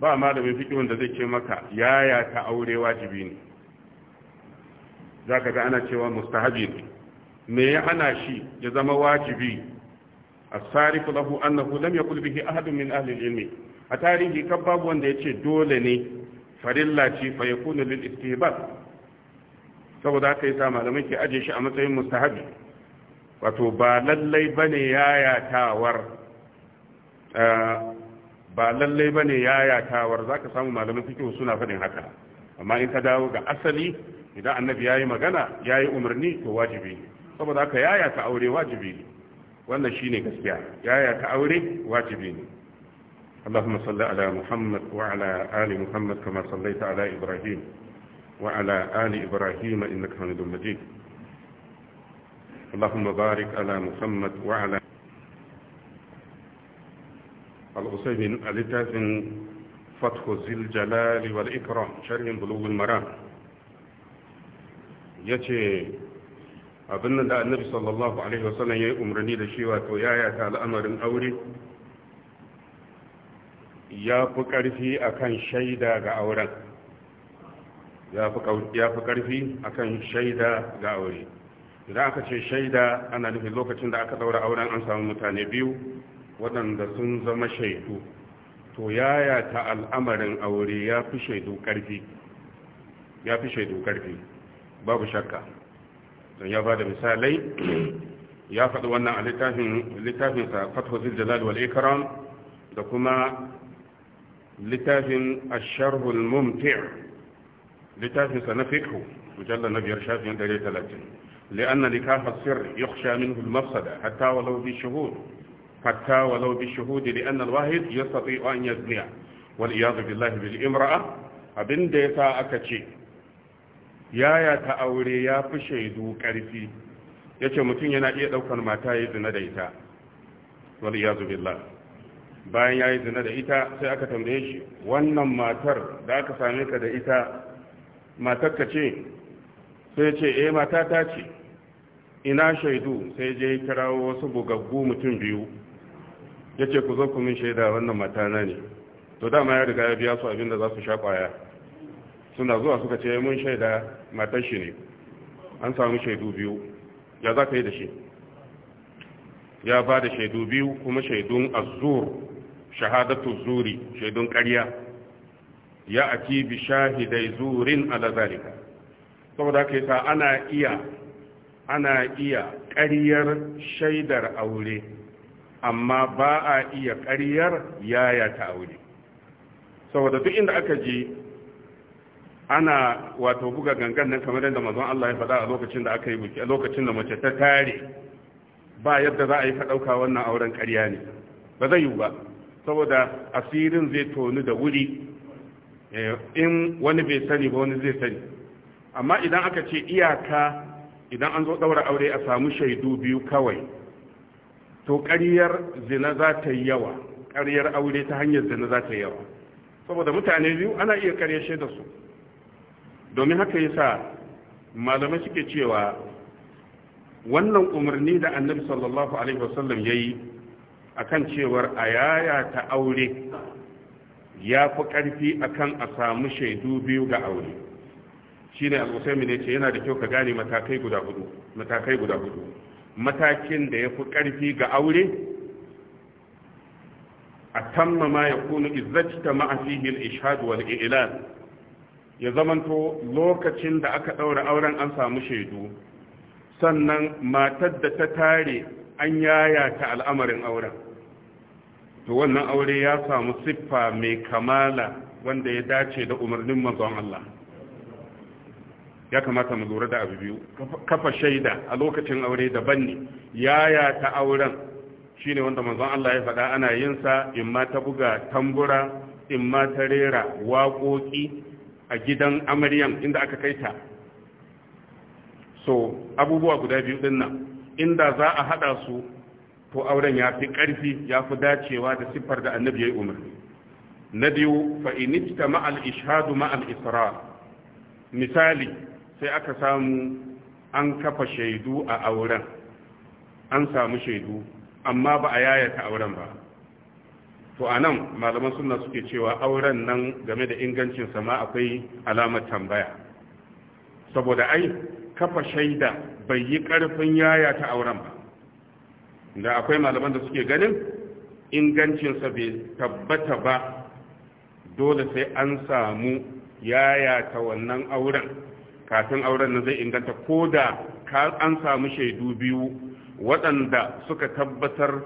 ba malamin fikihun da zai ce maka yaya ta aure wajibi ne za ka ga ana cewa mustahabi ne me ya ana shi ya zama wajibi as-sarifu lahu annahu lam yaqul bihi ahadun min ahli al-ilmi a tarihi kan babu wanda ya ce dole ne farilla ce fa yakunu lil istihbab saboda yi sa malamai ke aje shi a matsayin mustahabi wato ba lallai bane yayatawar ba lallai ba ne yayatawar za ka samu malamin fikihu suna faɗin haka amma in ka dawo ga asali idan annabi ya yi magana ya yi umarni to wajibi saboda haka yayata aure wajibi ne wannan shi ne gaskiya yayata aure wajibi ne اللهم صل على محمد وعلى آل محمد كما صليت على إبراهيم وعلى آل إبراهيم إنك حميد مجيد اللهم بارك على محمد وعلى al-usaimin a littafin fatko ziljalali wal ikram sharhin bulugun maram ya ce abin da annabi sallallahu alaihi wasallam ya yi umarni da shi wato yaya ta al'amarin aure ya fi ƙarfi akan shaida ga auren ya fi ƙarfi akan shaida ga aure idan aka ce shaida ana nufin lokacin da aka daura auren an samu mutane biyu waɗanda sun zama shaidu to yaya ta al'amarin aure ya fi shaidu ƙarfi ya fi shaidu ƙarfi babu shakka don ya ba da misalai ya faɗi wannan a littafinsa fathozil jalal wal ikram da kuma littafin asharhul mumtir littafinsa na fikhu mujallar na biyar shafin 130 li'anna nikaha sirri yukhsha minhu hulmarsa da hatta walau bi shuhud حتى ولو بالشهود لأن الواحد يستطيع أن يزنيع والإياذ بالله بالإمرأة أبن da ya يا يا ce يا فشيدو كارفي ya fi shaidu ƙarfi ya ce mutum yana iya ɗaukar mata bayan ya yi zina da ita sai aka tambaye shi wannan matar da aka same ka da ita matarka ce sai ce eh mata ta ce ina shaidu sai je kirawo wasu bugaggu mutum biyu ya ce ku zo ku min shaida wannan matana ne to dama ya riga ya biya su abin da za su sha kwaya suna zuwa suka ce mun shaida matar shi ne an samu shaidu biyu ya za ka yi da shi ya ba da shaidu biyu kuma shaidun azur shahadatu zuri shaidun ƙarya ya aki bi shahidai zurin ala zalika saboda haka yasa ana iya ana iya ƙaryar shaidar aure amma ba a iya ƙaryar yaya ta aure saboda duk inda aka je ana wato buga gangan nan kamar yadda mazan Allah ya faɗa a lokacin da aka yi buki a lokacin da mace ta tare ba yadda za a yi ka ɗauka wannan auren ƙarya ne ba zai yi ba saboda asirin zai toni da wuri eh, in wani bai sani ba wani zai sani amma idan aka ce iyaka idan an zo ɗaura aure a samu shaidu biyu kawai to ƙaryar zina za ta yi yawa ƙaryar aure ta hanyar zina za ta yi yawa saboda mutane biyu ana iya ƙaryashe da su domin haka sa malamai suke cewa wannan umarni da annabi sallallahu alaihi wasallam ya yi a kan cewar a yaya ta aure ya fi ƙarfi a kan a samu shaidu biyu ga aure shi ne al'usaimi mai ce yana da kyau ka gane matakai guda hudu matakin da ya fi ƙarfi ga aure a tamma ma ya kunu ta ma'afihin ishadu wal ilan ya zamanto lokacin da aka ɗaura auren an samu shaidu sannan matar da ta tare an yaya ta al'amarin auren to wannan aure ya samu siffa mai kamala wanda ya dace da umarnin manzon Allah ya kamata mu lura da abu biyu kafa shaida a lokacin aure daban ne yaya ta auren shine wanda manzon Allah ya faɗa ana yin sa ma ta buga tambura in ma ta rera waƙoƙi a gidan amaryan inda aka kai ta so abubuwa guda biyu din nan inda za a hada su to auren ya fi ƙarfi ya fi dacewa da siffar da annabi ya yi umarni na biyu fa'inista ma'al ishadu ma'al isra misali sai aka samu an kafa shaidu a auren an samu shaidu amma ba a yayata auren ba to a nan malaman suna suke cewa auren nan game da ingancinsa ma akwai alamar tambaya saboda ai kafa shaida bai yi karfin yayata auren ba da akwai malaman da suke ganin ingancinsa bai tabbata ba dole sai an samu yayata wannan auren kafin auren nan zai inganta ko da an samu shaidu biyu waɗanda suka tabbatar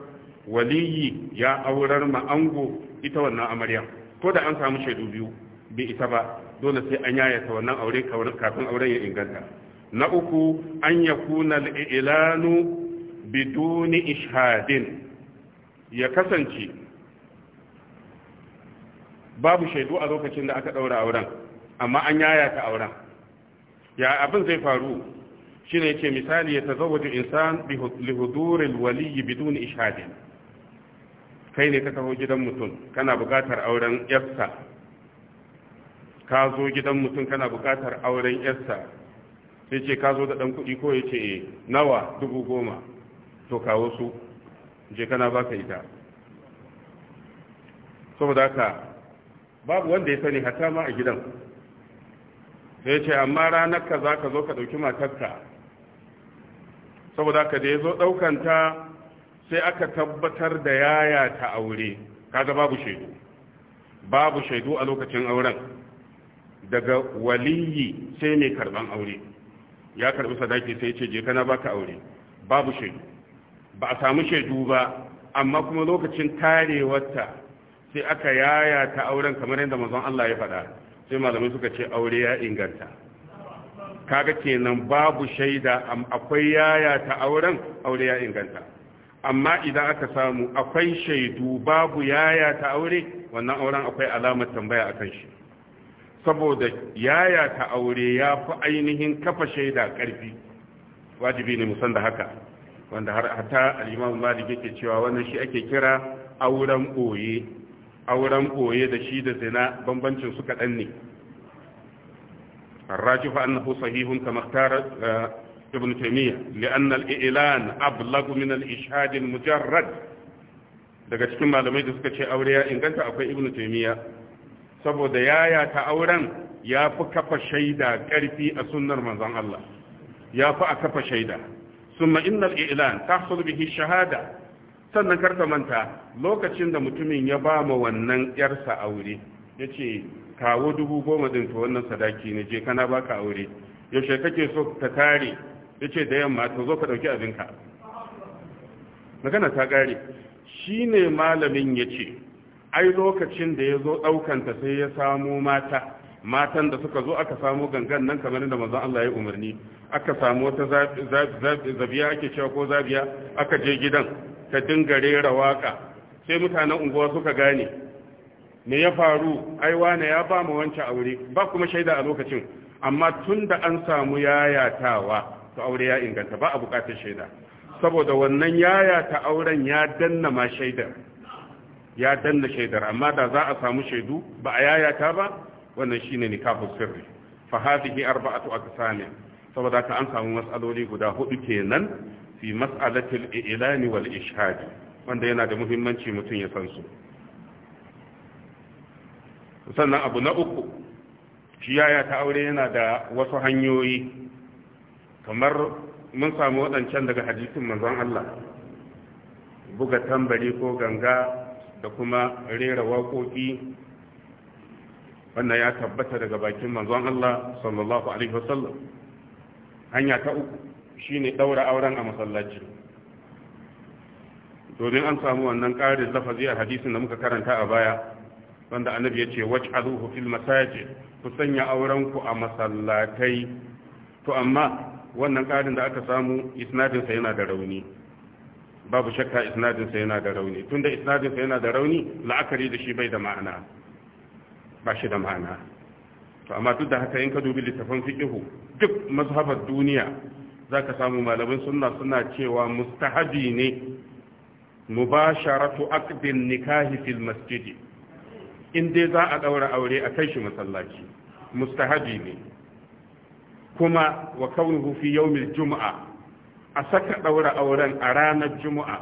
waliyi ya aurar ma'ango ita wannan amarya ko da an samu shaidu biyu bai ita ba dole sai an yayata wannan aure kafin auren ya inganta na uku an ya kuna ilanu biduni ishadin ya kasance babu shaidu a lokacin da aka ɗaura auren amma an yayata auren ya abin zai faru shine yake misali ya tazawwaju insan li al wali bidun ishadin kai ne ka taho gidan mutum kana buƙatar auren yarsa ka zo gidan mutum kana buƙatar auren yarsa sai ce ka zo da dan kuɗi ko ya ce eh, nawa dubu goma to kawo su je kana baka ita saboda haka babu wanda ya sani hatta ma a gidan da ya ce amma ranar ka za ka zo ka ɗauki matarka saboda ka da ya zo ɗaukanta sai aka tabbatar da yaya ta aure kaga babu shaidu babu shaidu a lokacin auren daga waliyi sai mai karban aure ya karbi sadaki sai ce je kana baka aure babu shaidu ba a samu shaidu ba amma kuma lokacin karewarta sai aka yaya ta auren kamar yadda mazan Allah ya faɗa sai malamai suka ce aure ya inganta kaga kenan babu shaida akwai yaya ta auren aure ya inganta amma idan aka samu akwai shaidu babu yaya ta aure wannan auren akwai alamar tambaya a shi saboda yaya ta aure ya fi ainihin kafa shaida karfi wajibi ne musan da haka wanda har hata al'imam malik yake cewa wannan shi ake kira auren boye auren koye da shi da zina bambancin su kaɗan ne الراجح أنه صحيح كما اختار ابن تيمية لأن الإعلان أبلغ من الإشهاد المجرد daga cikin malamai da suka ce aure ya inganta akwai ibn taymiya saboda yaya ta auren ya fi kafa shaida karfi a sunnar manzon Allah ya fi a kafa shaida summa innal i'lan tahsul shahada sannan karka manta lokacin da mutumin ya ba ma wannan yarsa aure ya ce kawo dubu goma din to wannan sadaki ne je kana baka aure yaushe kake so ta tare ya ce da yamma to zo ka ɗauki abinka magana ta ƙare shi ne malamin ya ce ai lokacin da ya zo ɗaukanta sai ya samo mata matan da suka zo aka samo gangan nan kamar da manzon Allah ya umarni aka samu wata zabiya ake cewa ko zabiya aka je gidan ta dinga rera waka sai mutanen unguwa suka gane me ya faru ai wane ya ba mu wancan aure ba kuma shaida a lokacin amma tun da an samu yayatawa to aure ya inganta ba a bukatar shaida saboda wannan yayata auren ya danna ma shaidar ya danna shaidar amma da za a samu shaidu ba a yayata ba wannan shine nikahus sirri fa hadhihi arba'atu aqsam saboda ka an samu matsaloli guda hudu kenan fi masalatul i'lani wal ishadi. wanda yana da muhimmanci mutum ya san su sannan abu na uku shi yaya ta aure yana da wasu hanyoyi kamar mun samu waɗancan daga hadisin manzon Allah buga tambari ko ganga da kuma rera waƙoƙi wannan ya tabbata daga bakin manzon Allah sallallahu alaihi wasallam hanya ta uku Shi ne ɗaura auren a masallaci domin an samu wannan ƙarin lafazi a hadisin da muka karanta a baya wanda annabi ya ce waj'aluhu fil masajid ku sanya auren ku a masallatai to amma wannan ƙarin da aka samu isnadin yana da rauni babu shakka isnadin sa yana da rauni tunda isnadin sa yana da rauni la'akari da shi bai da ma'ana ba shi da ma'ana to amma duk da haka in ka dubi littafin fiqhu duk mazhabar duniya za ka samu malamin sunna suna cewa mustahabi ne mubasharatu aqdin nikahi fil masjidi in dai za a daura aure a kai shi masallaci mustahabi ne kuma wa kaunuhu fi yawmil jumu'a a saka daura auren a ranar jumu'a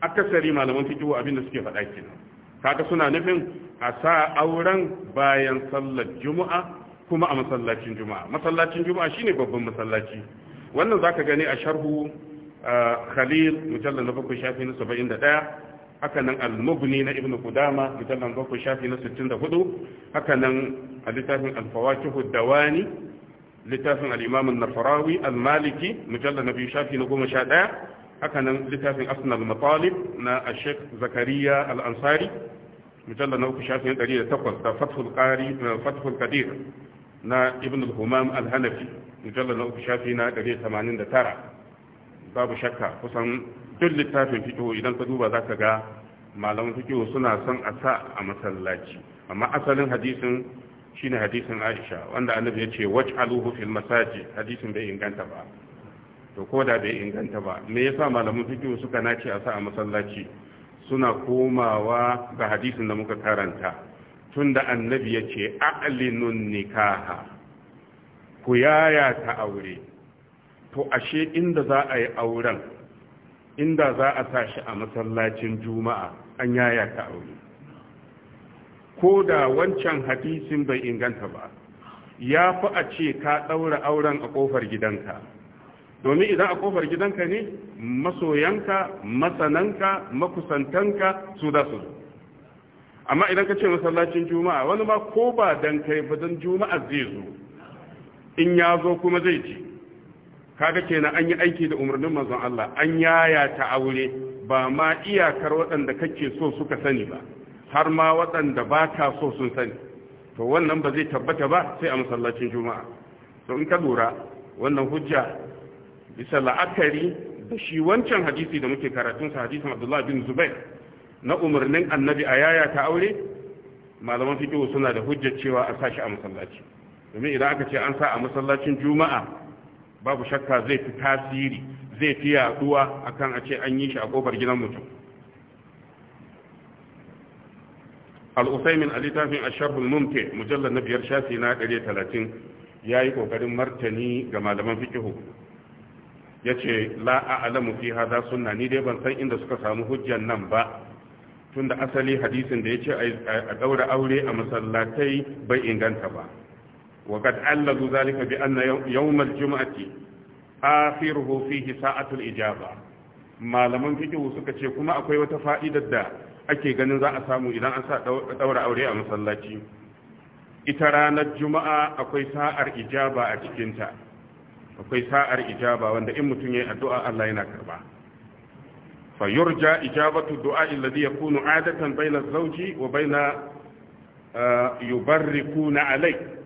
akasari malaman fiqh abin da suke faɗa kenan kaga suna nufin a sa auren bayan sallar jumu'a kuma a masallacin juma'a masallacin juma'a shine babban masallaci wannan za ka gani a sharhu khalil mujallar na bakwai shafi na saba'in da ɗaya haka nan al-mughni na Ibn Kudama mujallar na bakwai shafi na sittin da hudu haka nan a littafin al-fawakihu dawani littafin al-imam an-nafarawi al-maliki mujallar na biyu shafi na goma sha ɗaya haka nan littafin asnal matalib na ashek zakariya al-ansari mujallar na uku shafi na ɗari da takwas da fathul qadir na ibn al-humam al-hanafi mujallar na uku shafi na da tara, babu shakka kusan duk littafin fito idan ka duba za ka ga malaman fito suna son a sa a masallaci amma asalin hadisin shine hadisin Aisha wanda annabi ya ce aluhu fil masaji hadisin bai inganta ba to ko da bai inganta ba me yasa malaman fito suka nace a sa a masallaci suna komawa ga hadisin da muka karanta tunda annabi ya ce a'linun nikaha ku yaya ta aure to ashe inda za a yi auren inda za a sa shi a masallacin juma'a an yaya ta aure ko da wancan hadisin bai inganta ba ya fi a ce ka ɗaura auren a ƙofar gidanka domin idan a ƙofar gidanka ne masoyanka masananka makusantanka su da su amma idan ka ce masallacin juma'a wani ma ko ba dan kai ba don juma'a zai zo in ya zo kuma zai ci kaga kenan an yi aiki da umarnin manzon Allah an yaya ta aure ba ma iyakar waɗanda kake so suka sani ba har ma waɗanda ba ka so sun sani to wannan ba zai tabbata ba sai a masallacin juma'a to in ka lura wannan hujja bisa la'akari da shi wancan hadisi da muke karatun sa hadisin Abdullah bin Zubair na umarnin annabi a yaya ta aure malaman fiqh suna da hujjar cewa a sashi a masallaci domin idan aka ce an sa a masallacin juma'a babu shakka zai fi tasiri zai fi yaduwa akan a ce an yi shi a kofar gidan mutum al-usaimin a littafin ashabul mumke mujallar na biyar shafi na 130 ya yi kokarin martani ga malaman fikihu ya ce alamu fi haza sunna ni dai ban san inda suka samu hujjan nan ba tunda asali hadisin da ya ce a daura aure a masallatai bai inganta ba وقد علّلوا ذلك بأن يوم الجمعة آخره فيه ساعة الإجابة ما لم فيكه سكتشي كما أكوي وتفائدة دا أكي غنن ذا أسامو إذا أنسى دور أولياء مسلاتي إترانا الجمعة أكوي ساعة إجابة أتكنتا أكوي ساعة إجابة وأن إمتني الدعاء الله ينكربا فيرجى إجابة الدعاء الذي يكون عادة بين الزوج وبين يبركون عليه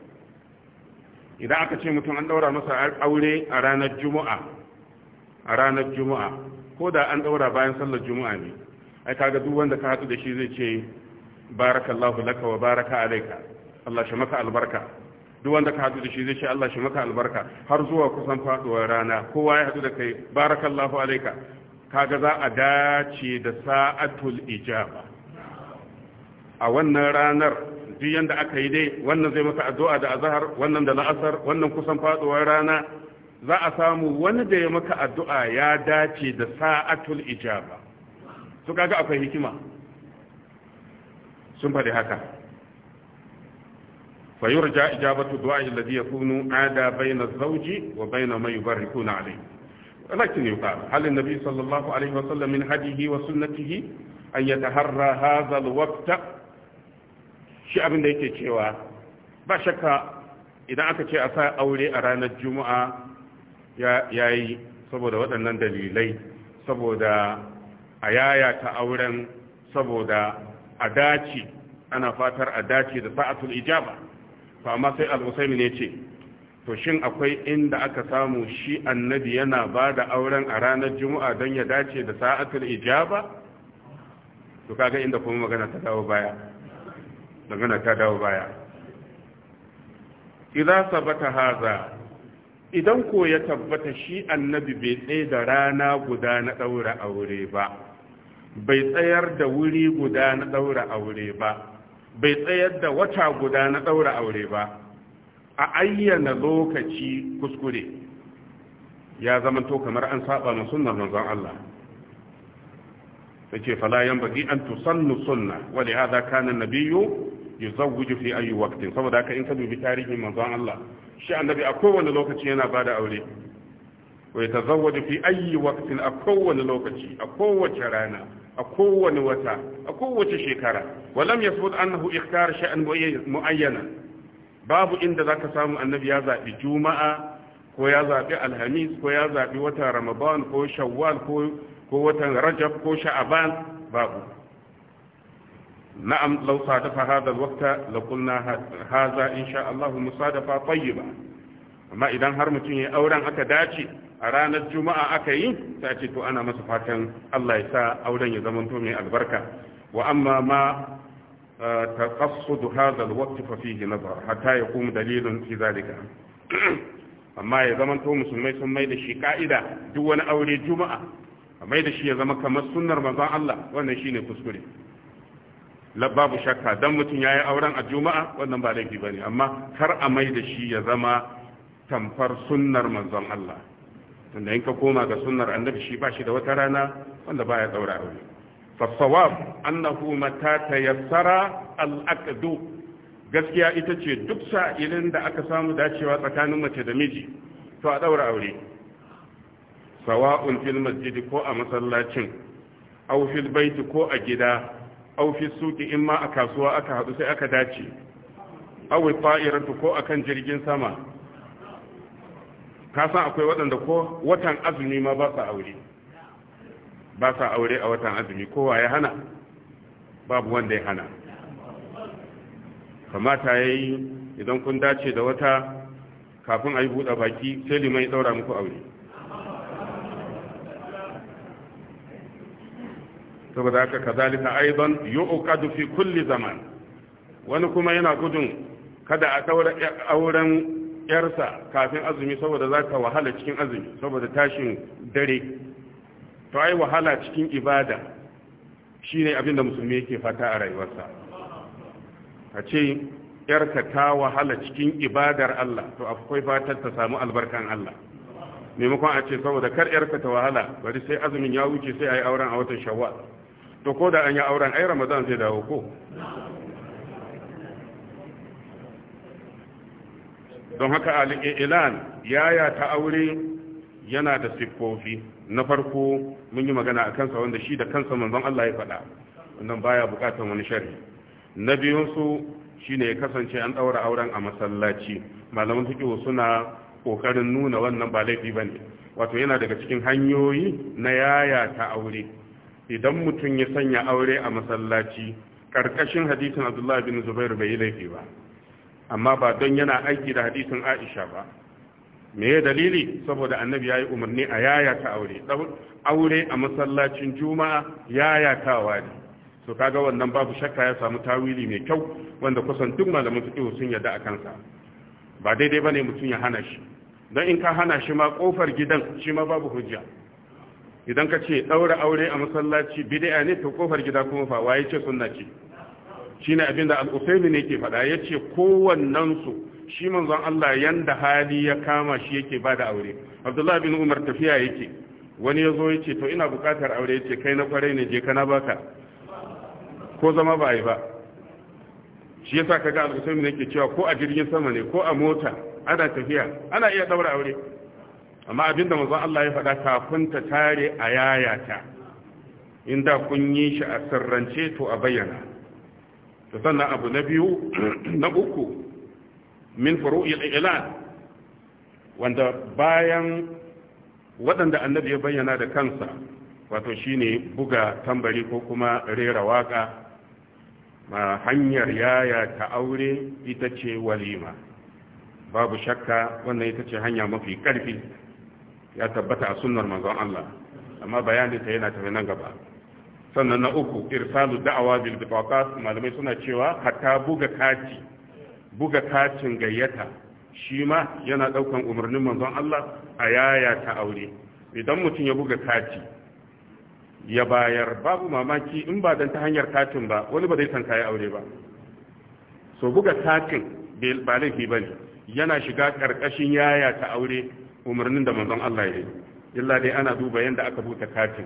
idan aka ce mutum an daura masa aure a ranar juma'a a ranar juma'a ko da an daura bayan sallar juma'a ne ai kaga duk wanda ka hadu da shi zai ce barakallahu laka wa baraka alayka Allah shi maka albarka duk wanda ka hadu da shi zai ce Allah shi maka albarka har zuwa kusan faduwar rana kowa ya hadu da kai barakallahu alayka kaga za a dace da sa'atul ijaba a wannan ranar duk yanda aka yi dai wannan zai masa addu'a da azhar wannan da la'asar wannan kusan faduwar rana za a samu wani da ya maka addu'a ya dace da sa'atul ijaba su kaga akwai hikima sun faɗi haka fayur ja ijabatu du'a alladhi yakunu ada bayna zawji wa bayna ma yubarrikuna alayhi lakin yuqal hal an-nabi sallallahu alayhi wa sallam min hadihi wa sunnatihi an yataharra shi abin da yake cewa ba shakka idan aka ce a sa aure a ranar juma'a ya yi saboda waɗannan dalilai saboda a yaya ta auren saboda a dace ana fatar a dace da sa'atul ijaba to amma sai al-usaimi ne ce to shin akwai inda aka samu shi annabi yana ba da auren a ranar juma'a don ya dace da sa'atul ijaba to kaga inda kuma magana ta dawo baya dangana ta dawo baya idan sabata haza idan ko ya tabbata shi annabi bai tsaye da rana guda na daura aure ba bai tsayar da wuri guda na daura aure ba bai tsayar da wata guda na daura aure ba a ayyana lokaci kuskure ya zama to kamar an saba ma manzon Allah yace fala yanbaghi an tusannu sunna wa li hadha kana an-nabiyyu yuzawwiju fi ayyi waqtin saboda haka in ka dubi tarihin manzon Allah shi annabi a kowane lokaci yana bada aure wa yatazawwaju fi ayi waqtin a kowane lokaci a kowace rana a kowane wata a kowace shekara wa lam yasbut annahu ikhtar sha'an muayyana babu inda zaka samu annabi ya zabi juma'a ko ya zabi alhamis ko ya zabi wata ramadan ko shawwal ko ko watan rajab ko sha'aban babu na'am law sadafa hadha alwaqta la qulna hadha insha Allah musadafa tayyiba amma idan har mutum ya auren aka dace a ranar juma'a aka yi ta ce to ana masa fatan Allah ya sa auren ya zama to mai albarka wa amma ma taqassud hadha alwaqt fa fihi nazar hatta yaqum dalilun fi zalika amma ya zama to musulmai sun mai da shi ƙa'ida duk wani aure juma'a a mai da shi ya zama kamar sunnar manzon Allah wannan shine kuskure babu shakka dan mutum yayi auren a juma'a wannan ba laifi bane amma har a mai da shi ya zama tamfar sunnar manzon Allah tunda in ka koma ga sunnar annabi shi ba shi da wata rana wanda baya daura aure fa sawab annahu mata tayassara al aqdu gaskiya ita ce duk sa'ilin da aka samu dacewa tsakanin mace da miji to a daura aure sawa'un fil masjidi ko a masallacin aw fil baiti ko a gida aw fi suqi in ma a kasuwa aka hadu sai aka dace aw ta'iratu ko akan jirgin sama ka san akwai waɗanda ko watan azumi ma ba sa aure ba sa aure a watan azumi kowa ya hana babu wanda ya hana kamata yayi idan kun dace da wata kafin a yi buɗe baki sai limai ɗaura muku aure saboda haka kazalika aidan yu'qadu fi kulli zaman wani kuma yana gudun kada a daura auren yarsa kafin azumi saboda za ta wahala cikin azumi saboda tashin dare to ai wahala cikin ibada shine abinda musulmi yake fata a rayuwarsa a ce yarka ta wahala cikin ibadar Allah to akwai fatar ta samu albarkan Allah maimakon a ce saboda kar yarka ta wahala bari sai azumin ya wuce sai a yi auren a watan shawwal to ko da an yi auren ai ramadan zai dawo ko don haka al'ilan yaya ta aure yana da siffofi na farko mun yi magana a kansa wanda shi da kansa manzon Allah ya faɗa wannan baya bukatar wani sharhi na biyunsu shine ya kasance an ɗaura auren a masallaci malaman fiƙihu suna ƙoƙarin nuna wannan ba laifi ba ne wato yana daga cikin hanyoyi na yaya ta aure idan mutum ya sanya aure a masallaci ƙarƙashin hadisin abdullahi bin zubair bai yi laifi ba amma ba don yana aiki da hadisin aisha ba me ya dalili saboda annabi ya yi umarni a yaya yayata aure aure a masallacin juma'a ta wani so kaga wannan babu shakka ya samu tawili mai kyau wanda kusan duk malaman fiqh sun yarda a kansa ba daidai bane mutum ya hana shi don in ka hana shi ma kofar gidan shi ma babu hujja idan ka ce ɗaura aure a masallaci bid'a ne to kofar gida kuma fa waye ce sunna ce shine abinda al usaymi ne ke faɗa yace kowannen su shi manzon Allah yanda hali ya kama shi yake bada aure Abdullah bin Umar tafiya yake wani yazo yace to ina buƙatar aure yace kai na kwarai ne je kana baka ko zama ba yi ba shi yasa kaga al usaymi ne ke cewa ko a jirgin sama ne ko a mota ana tafiya ana iya daura aure amma abinda manzon Allah ya faɗa kafin ta tare a yayata inda kun yi shi a sirrance to a bayyana to sannan abu na biyu [CLEARS THROAT] na uku min furu'il ilan wanda bayan waɗanda annabi ya bayyana da kansa wato shine buga tambari ko kuma rera waka ma hanyar yaya ta aure ita ce walima babu shakka wannan ita ce hanya mafi ƙarfi ya tabbata a sunnar manzon Allah amma bayanin ta yana tafi nan gaba sannan na uku irsalu da'awa bil bitaqas malamai suna cewa hatta buga kati buga katin gayyata shi ma yana daukan umarnin manzon Allah a yaya ta aure idan mutum ya buga kati ya bayar babu mamaki in ba dan ta hanyar katin ba wani ba zai san kayi aure ba so buga katin ba laifi ba ne yana shiga ƙarƙashin yaya ta aure umarnin da manzon Allah ya yi illa dai ana duba yanda aka buta katin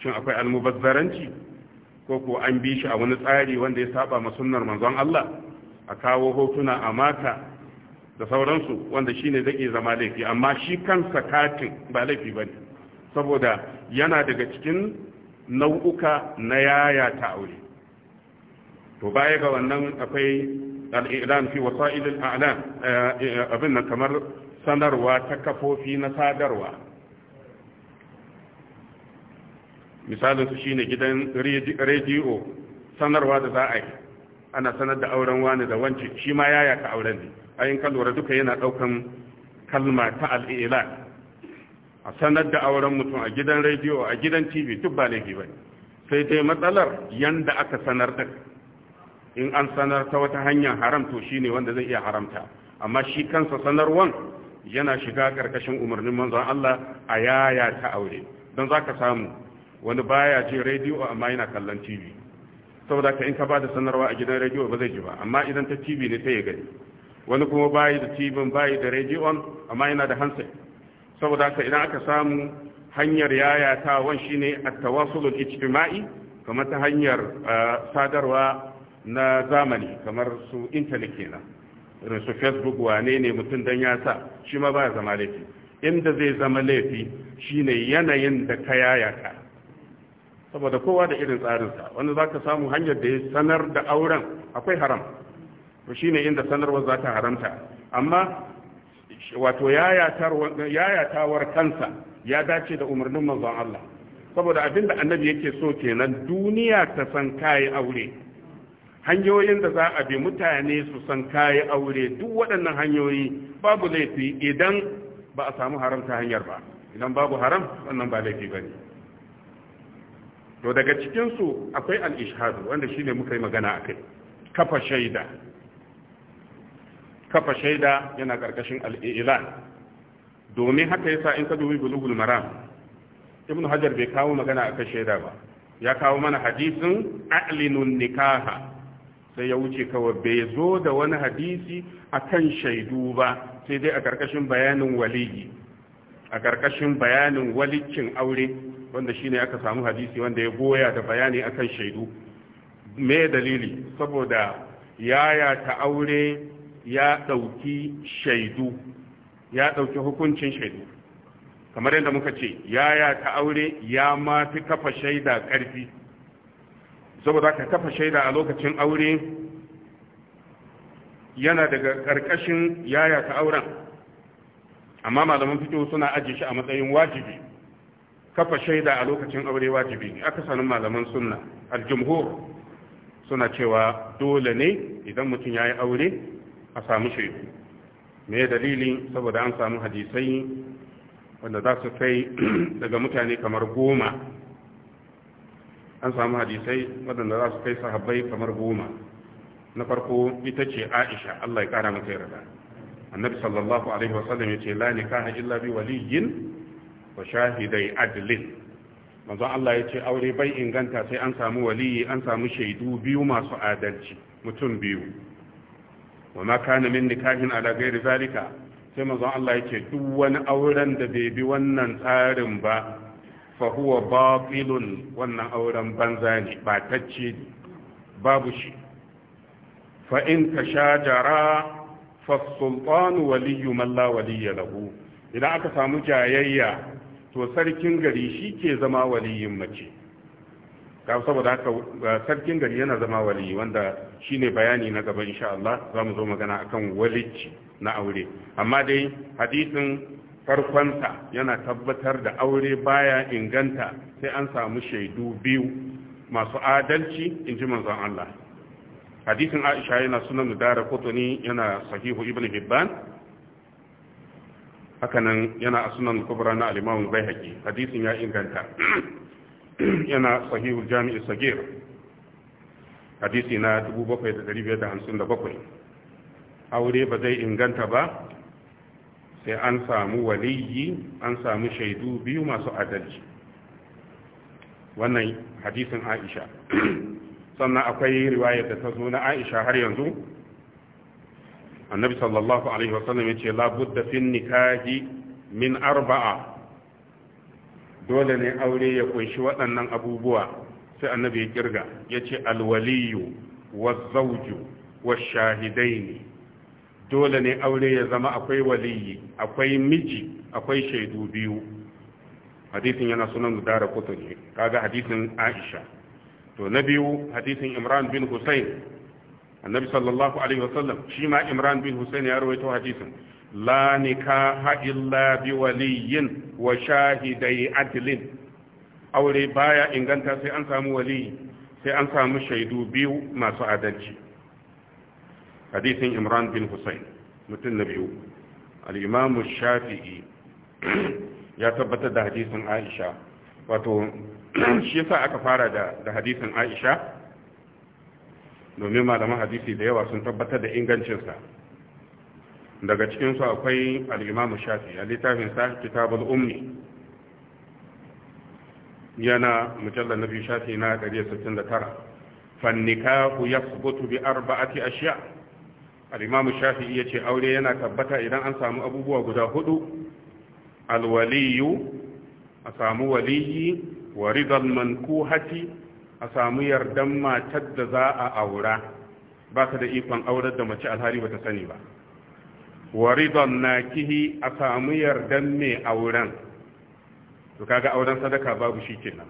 shin akwai almubazzaranci ko ko an bi shi a wani tsari wanda ya saba ma sunnar manzon Allah a kawo hotuna a mata da sauransu wanda shine zai zama laifi amma shi kansa katin ba laifi bane saboda yana daga cikin nau'uka na yaya ta aure to baya ga wannan akwai al-i'lan fi wasa'il al-a'lam eh, eh, abin nan kamar sanarwa ta kafofi na sadarwa misalinsu shine gidan rediyo sanarwa da za a yi ana sanar da auren wani da wance shi ma ya yaka auren ne a yin kalwara duka yana daukan kalma ta al'ila a sanar da auren mutum a gidan rediyo a gidan tv duk ba laifi ba sai dai matsalar yanda aka sanar da in an sanar ta wata hanyar haram to shine wanda zai iya haramta amma shi kansa sanarwan yana shiga karkashin umarnin manzon Allah a yaya ta aure don zaka samu wani baya ji rediyo amma yana kallon TV saboda ka in ka bada sanarwa a gidan rediyo ba zai ji ba amma idan ta TV ne sai ya gani wani kuma bayi da TV bayi da rediyo amma yana da handset saboda ka idan aka samu hanyar yaya wan shine at-tawassul ijtimai kamar ta hanyar eh, sadarwa na zamani kamar su intanet kenan rasu facebook wane ne mutum don ya sa shi ma ba zama laifi inda zai zama laifi shine yanayin da ka yaya ka saboda kowa da irin tsarinsa wanda za ka samu hanyar da ya sanar da auren akwai haram to ne inda sanarwar za ta haramta amma wato yayatawar kansa ya dace da umarnin manzon Allah saboda abinda annabi yake so kenan duniya ta san kayi aure hanyoyin da za a bi mutane su san kayi aure duk waɗannan hanyoyi babu laifi idan ba a samu haram ta hanyar ba idan babu haram wannan ba laifi ba ne to daga cikinsu akwai al'ishadu wanda shi ne muka yi magana a kai kafa shaida kafa shaida yana ƙarƙashin al'ilan domin haka yasa in ka dubi bulugul maram ibn hajar bai kawo magana kai shaida ba ya kawo mana hadisin a'linun nikaha sai ya wuce kawai bai zo da wani hadisi akan shaidu ba sai dai a ƙarƙashin bayanin waligi a ƙarƙashin bayanin walikin aure wanda shine aka samu hadisi wanda ya goya da bayani akan shaidu me dalili saboda yaya ta aure ya ɗauki shaidu ya ɗauki hukuncin shaidu kamar yadda muka ce yaya ta aure ya ma fi kafa shaida ƙarfi. saboda ka kafa shaida a lokacin aure yana daga ƙarƙashin yaya ta auren amma malaman fito suna ajiye shi a matsayin wajibi kafa shaida a lokacin aure wajibi ne aka sanin malaman sunna aljumhur suna cewa dole ne idan mutum ya yi aure a samu shaidu me dalili saboda an samu hadisai wanda za su kai daga mutane kamar goma an samu hadisai waɗanda za su kai sahabbai kamar goma na farko ita ce aisha Allah ya kara mata yarda annabi sallallahu alaihi wasallam ya ce la nikaha illa bi waliyin wa shahidai adlin manzon Allah ya ce aure bai inganta sai an samu waliyi an samu shaidu biyu masu adalci mutum biyu wa ma kana min nikahin ala ghairi zalika sai manzon Allah ya ce duk wani auren da bai bi wannan tsarin ba fa huwa wannan auren banza ne ba tacce ne babu shi fa in tashajara fa sultanu waliyyu man la wali lahu idan aka samu jayayya to sarkin gari shi zama waliyin mace ka saboda haka sarkin gari yana zama wali wanda shine bayani na gaba insha Allah zamu zo magana akan walicci na aure amma dai hadisin farkonsa yana tabbatar da aure baya inganta sai an samu shaidu biyu masu adalci in ji manzon Allah hadisin Aisha yana sunan Mudara Qutni yana sahihu Ibn Hibban hakanan yana sunan Kubra na al-Imam Baihaqi hadisin ya inganta [CLEARS THROAT] yana sahihu Jami' Sagir hadisi na 7557 aure ba zai inganta ba sai an samu waliyyi, an samu shaidu biyu masu adalci wannan hadisin aisha [CLEARS THROAT] sannan akwai riwayar da ta zo na aisha har yanzu annabi sallallahu alaihi wasallam ya ce labudda fin nikahi min arba'a dole ne aure ya kunshi waɗannan abubuwa sai annabi ya kirga ya ce alwaliyu wa shahidaini. dole ne aure ya zama akwai waliyi akwai miji akwai shaidu biyu hadisin yana sunan mudara ne kaga hadisin aisha to na biyu hadisin imran bin husayn annabi sallallahu alaihi wasallam shi ma imran bin husayn ya rawaito hadisin la nikaha illa bi waliyin wa shahidai adlin aure baya inganta sai an samu waliyi sai an samu shaidu biyu masu adalci hadisin imran bin husayn mutum na biyu al'imamu shafi'i ya tabbatar da hadisin aisha wato [CLEARS THROAT] shi yasa aka fara da hadisin aisha domin malaman hadisi da yawa sun tabbatar da ingancinsa daga cikinsu akwai al'imamu shafi, a littafin sa kitabul umni yana mujallar na biyu shafi na 169 fannikahu ya bi arba'ati ashiya al'imamu shafi'i ya ce aure yana tabbata idan an samu abubuwa guda hudu alwaliyu a samu waliyi wa ridal mankuhati a samu yardan matar da za a aura ba ka da ikon aurar da mace alhari ba ta sani ba wa ridal nakihi a samu yardan mai auren to kaga auren sadaka babu shi kenan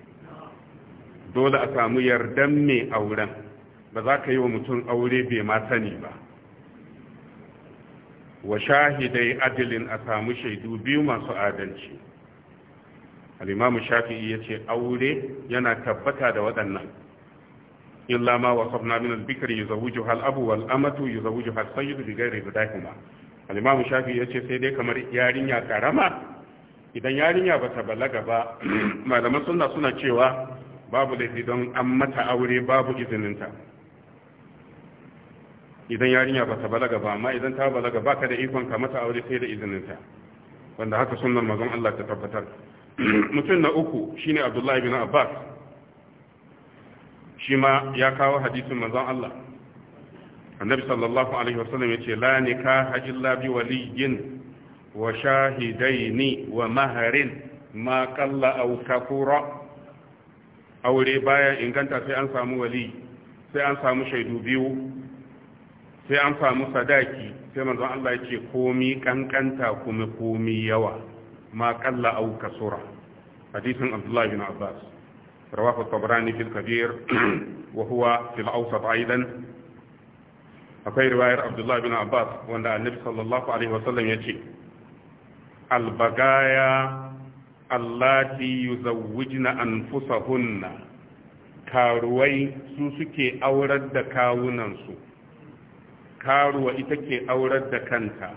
dole a samu yardan mai auren ba za ka yi wa mutum aure bai ma sani ba wa shahidai adilin a samu shaidu biyu masu adalci al'imamu shafi'i ya ce aure yana tabbata da waɗannan In lama wa sabna min al-bikr yuzawwiju hal abu wal amatu yuzawwiju hal da rigar ghairi hudahuma al-imam shafi ce sai dai kamar yarinya karama idan yarinya ba ta balaga ba [CLEARS THROAT] malaman suna suna cewa babu laifi don an mata aure babu izininta idan yarinya ba ta balaga ba amma idan ta balaga ba ka da ikon ka mata aure sai da izininta wanda haka sunan mazan Allah ta tabbatar [CLEARS THROAT] mutum na uku shine Abdullahi bin Abbas shi ma ya kawo hadisin mazan Allah annabi sallallahu alaihi wasallam ya ce la nikaha illa bi waliyin wa shahidaini wa maharin ma qalla aw kafura aure baya inganta sai an samu wali sai an samu shaidu biyu sai an samu sadaki sai manzon Allah yake komi kankanta kuma komi yawa ma kalla aw kasura hadisin Abdullah bin Abbas rawahu Tabrani fil Kabir [CLEARS THROAT] wa huwa fil Awsat akwai riwayar Abdullah Abbas wanda Annabi sallallahu alaihi wasallam yace al-bagaya allati yuzawwijna anfusahunna karuwai su suke aurar da kawunansu karuwa ita ke aurar da kanta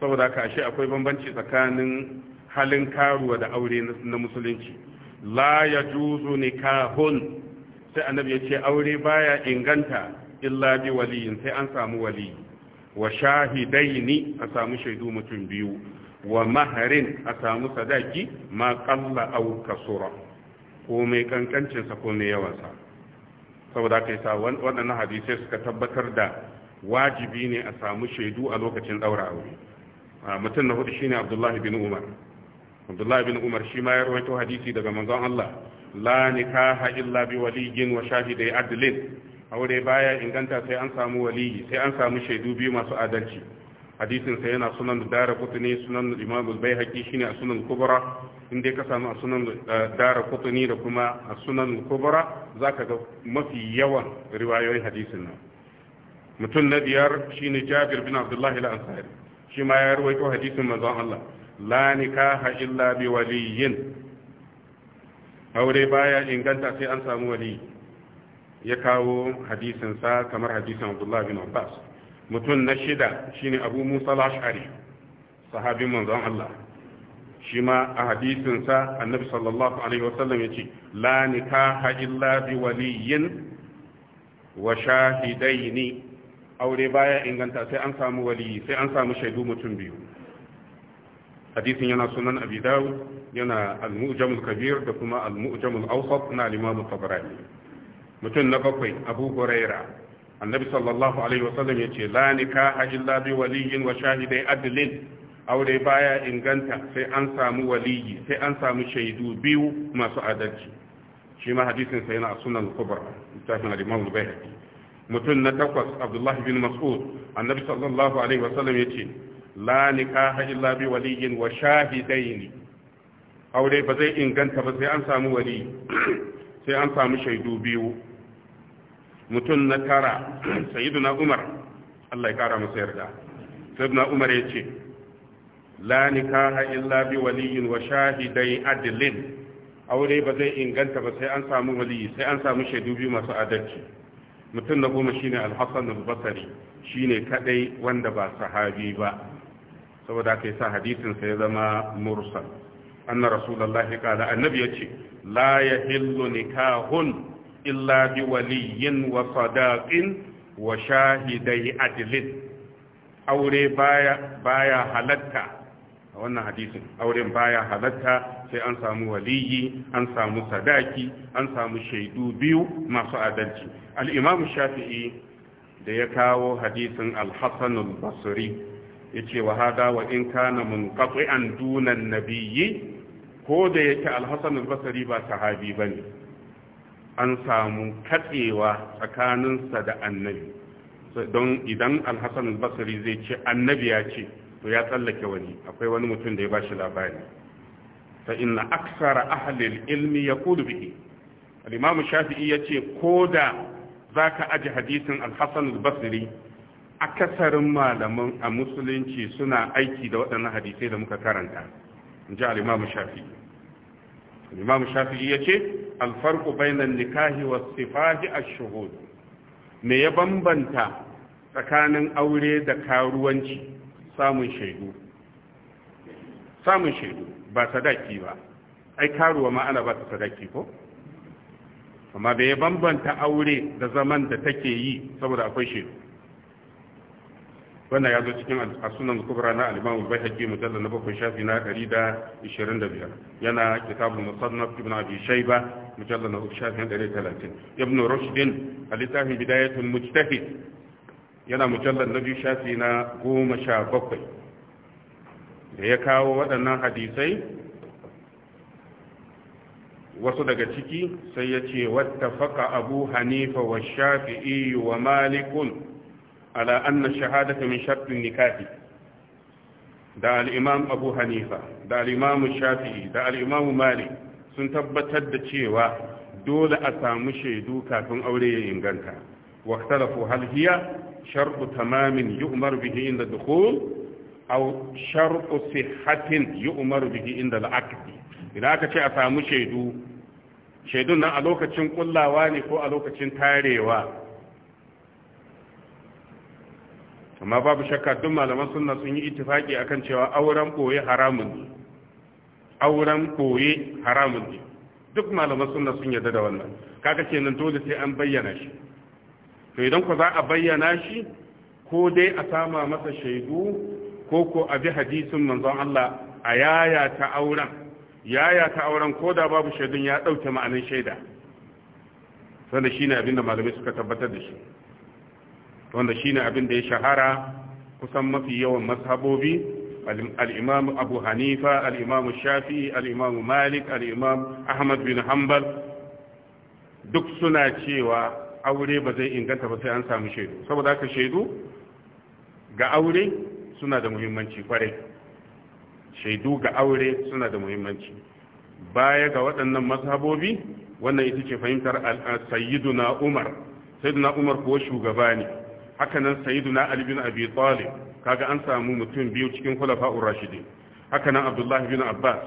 saboda ka akwai bambanci tsakanin halin karuwa da aure na musulunci la ya juzu nikahun sai annabi ya ce aure baya inganta illa bi waliyin sai an samu wali wa shahidaini a samu shaidu mutum biyu wa maharin a samu sadaki ma qalla aw kasura ko mai kankancinsa ko mai yawansa saboda kai sa waɗannan hadisai suka tabbatar da wajibi ne a samu shaidu a lokacin daura aure mutum na hudu shine abdullahi bin umar abdullahi bin umar shi ma ya rawaito hadisi daga manzon Allah la nikaha illa bi waliyyin wa shahidai adlin aure baya inganta sai an samu waliyi sai an samu shaidu biyu masu adalci hadisin yana sunan daraqutni sunan imam al-baihaqi shine a sunan kubra dai ka samu a sunan eh, daraqutni da kuma a sunan kubra zaka ga mafi yawan riwayoyin hadisin nan mutum na biyar shine jabir bin abdullahi al-ansari shi ma ya rawaito hadisin manzon Allah la nikaha illa bi waliyin aure baya inganta sai an samu wali ya kawo hadisin sa kamar hadisin abdullahi bin abbas mutum na shida shine abu musa al-ash'ari sahabin manzon Allah shi ma a hadisin sa annabi sallallahu alaihi wasallam yace la nikaha illa bi waliyin wa shahidaini aure baya inganta sai an samu wali sai an samu shaidu mutum biyu hadisin yana sunan abi dawud yana al-mu'jamul kabir da kuma al-mu'jamul awsat na al-imam tabarani mutum na bakwai abu huraira annabi sallallahu alaihi wasallam ya ce la nikaha illa bi waliyyin wa shahidai adlin aure baya inganta sai an samu waliyi sai an samu shaidu biyu masu adalci shi ma hadisin sai yana sunan kubra littafin al-imam al-baihaqi mutum na takwas abdullahi bin mas'ud annabi sallallahu alaihi wasallam ya ce la nikaha illa bi waliyin wa shahidaini aure ba zai inganta ba sai an samu wali [CLEARS THROAT] sai an samu shaidu biyu mutum na tara [CLEARS THROAT] sayyiduna umar Allah ya kara masa yarda sayyiduna umar ya ce la nikaha illa bi waliyin wa shahidai adlin aure ba zai inganta ba sai an samu wali sai an samu shaidu biyu masu adalci mutum na goma shine Alhassan al-basri shine kadai wanda ba sahabi ba saboda kai sa hadisin sa ya zama mursal anna rasulullahi qala annabi yace la yahillu nikahun illa bi waliyin wa sadaqin wa shahidai adlin aure baya baya halatta a wannan hadisin auren baya halatta sai an samu waliyi an samu sadaki an samu shaidu biyu masu adalci al-imam shafi'i da ya kawo hadisin al-hasan al-basri yace wa hada wa in kana munqati'an dunan nabiyyi ko da yake al-hasan ba basri ba ne? bane an samu katsewa tsakaninsa da annabi don idan al zai ce annabi ya ce to ya tsallake wani akwai wani mutum da ya bashi labari fa inna aksara ahlil ilmi yaqulu bihi al-imam shafi'i yace koda zaka aji hadisin al-hasan al-basri akasarin malaman a musulunci suna aiki da waɗannan hadisai da muka karanta ji al-imam shafi'i al-imam shafi'i yace al-farqu bayna an-nikahi was-sifahi ash-shuhud me ya bambanta tsakanin aure da karuwanci samun shaidu samun shaidu ba sadaki ba ai karuwa ma ana ba ta sadaki ko amma da ya bambanta aure da zaman da take yi saboda akwai shaidu wannan ya zo cikin asunan kubra na alimamu bai haƙi mujalla na bakwai shafi na ɗari da ishirin da biyar yana kitabun musannaf ibn abi shayba mujalla na uku shafi na ɗari talatin ibn rushdin a littafin bidayatul mujtahid yana mujallar na biyu shafi na goma sha bakwai da ya kawo waɗannan hadisai wasu daga ciki sai ya ce wattafaka abu hanifa wa shafi'i wa malikun ala anna ta min shartin nikahi da al'imam abu hanifa da al'imamu shafi'i da al'imamu malik sun tabbatar da cewa dole a samu shaidu kafin aure ya inganta wa hal hiya sharbu tamamin yu'mar bihi inda dukhul aw sharbu sihhatin yu'mar bihi inda al'aqd idan aka ce a samu shaidu shaidun nan a lokacin kulawa ne ko a lokacin tarewa amma babu shakka duk malaman sunna sun yi ittifaki akan cewa auren koye haramun ne auren koye haramun ne duk malaman sunna sun yarda da wannan kaga kenan dole sai an bayyana shi to idan ku za a bayyana shi ko dai a sama masa shaidu ko ko a bi hadisin manzon Allah a yaya ta auren yaya ta auren ko da babu shaidun ya dauke ma'anin shaida wanda shine abin da malamai suka tabbatar da shi wanda shine abin da ya shahara kusan mafi yawan mazhabobi imam abu hanifa Shafi'i shafi imam malik al-imam ahmad bin hanbal duk suna cewa aure ba zai inganta ba sai an samu shaidu saboda haka shaidu ga aure suna da muhimmanci kwarai shaidu ga aure suna da muhimmanci baya ga waɗannan mazhabobi wannan ita ce fahimtar sayyiduna umar sayyiduna umar kuwa shugaba ne hakanan sayyiduna ali bin abi talib kaga an samu mutum biyu cikin khulafa'ur Rashidi. hakanan abdullahi bin abbas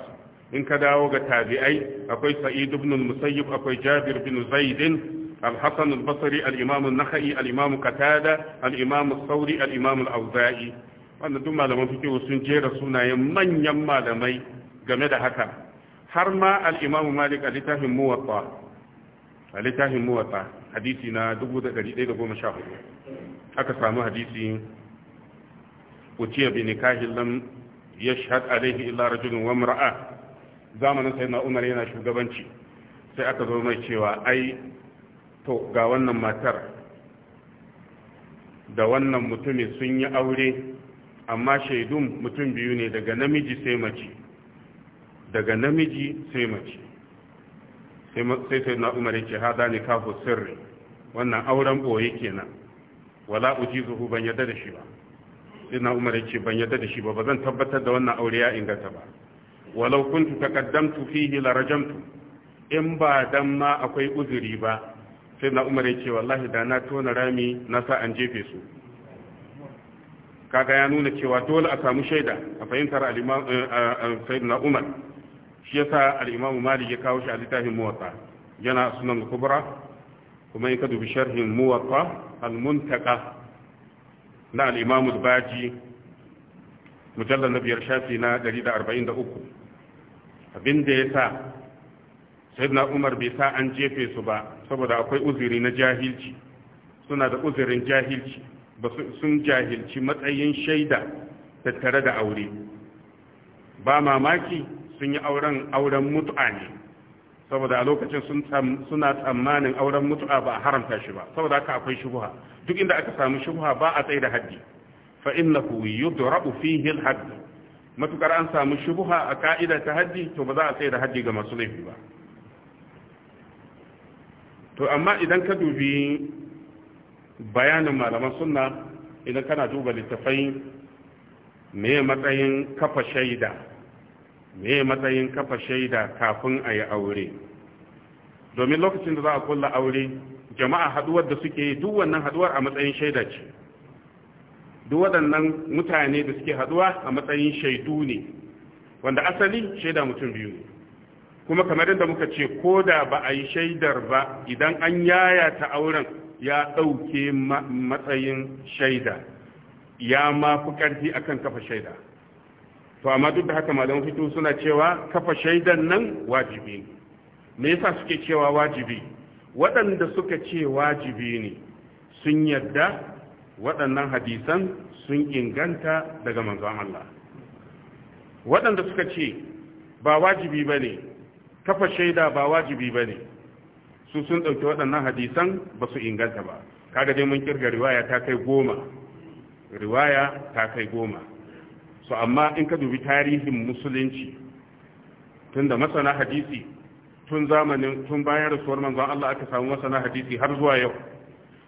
in ka dawo ga tabi'ai akwai sa'id ibn musayyib akwai jabir bin zaid الحسن البصري الإمام النخعي الإمام قتادة الإمام الثوري الإمام الأوزاعي wannan duk malaman fikihu sun jera sunayen manyan malamai game da haka har ma al-Imam Malik a littafin Muwatta a littafin Muwatta hadisi na 1114 aka samu hadisi utiya bi nikahin lam shahad alayhi illa rajulun wa imra'a zamanin sayyidina Umar yana shugabanci sai aka zo mai cewa ai to ga wannan matar da wannan mutumin sun yi aure amma shaidun mutum biyu ne daga namiji sai mace daga namiji sai mace sai sai na umar yake hada ne kafu sirri wannan auren boye kenan wala ujizuhu ban yadda da shi ba sai na umar yake ban yadda da shi ba bazan tabbatar da wannan aure ya inganta ba walau kuntu taqaddamtu fihi la rajamtu in ba dan ma akwai uzuri ba sai na umar ya ce wallahi da na tona rami na sa an jefe su kaga ya nuna cewa dole a samu shaida a fahimtar eh, eh, eh, sayyidina umar shi ya sa imamu malik ya kawo shi a littafin muwatta yana sunan kubra kuma in ka dubi sharhin muwatta al-muntaka na al-imamu baji mujallar na biyar shafi na 143 abinda ya sa sayyidina umar bai sa an jefe su ba saboda akwai uziri na jahilci suna da uzirin jahilci sun jahilci matsayin shaida tattare da aure ba mamaki sun yi auren auren mutu'a ne saboda a lokacin suna tsammanin auren mutu'a ba a haramta shi ba saboda haka akwai shubuha duk inda aka samu shubuha ba a tsaye da haddi fa innahu yudra'u fihi al-hadd matukar an samu shubuha a ka'ida ta haddi to ba za a tsaye da haddi ga masu laifi ba to amma idan ka dubi bayanin malaman sunna idan kana duba littafai me matsayin kafa shaida me matsayin kafa shaida kafin a yi aure domin lokacin da za a kulla aure jama'a haduwar da suke duk wannan haduwar a matsayin shaida ce duk waɗannan mutane da suke haduwa a matsayin shaidu ne wanda asali shaida mutum biyu ne kuma kamar yadda muka ce ko da ba a yi shaidar ba idan an yaya ta auren ya ɗauke matsayin shaida ya ma fi ƙarfi akan kafa shaida to amma duk da haka malamu fito suna cewa kafa shaidan nan wajibi ne me yasa suke cewa wajibi waɗanda suka ce wajibi ne sun yadda waɗannan hadisan sun inganta daga manzon Allah waɗanda suka ce ba wajibi ba ne kafa shaida ba wajibi ba ne su sun ɗauki waɗannan hadisan ba su inganta ba kaga dai mun kirga riwaya ta kai goma riwaya ta kai goma so amma in ka dubi tarihin musulunci tun da masana hadisi tun zamanin tun bayan rasuwar manzon Allah aka samu masana hadisi har zuwa yau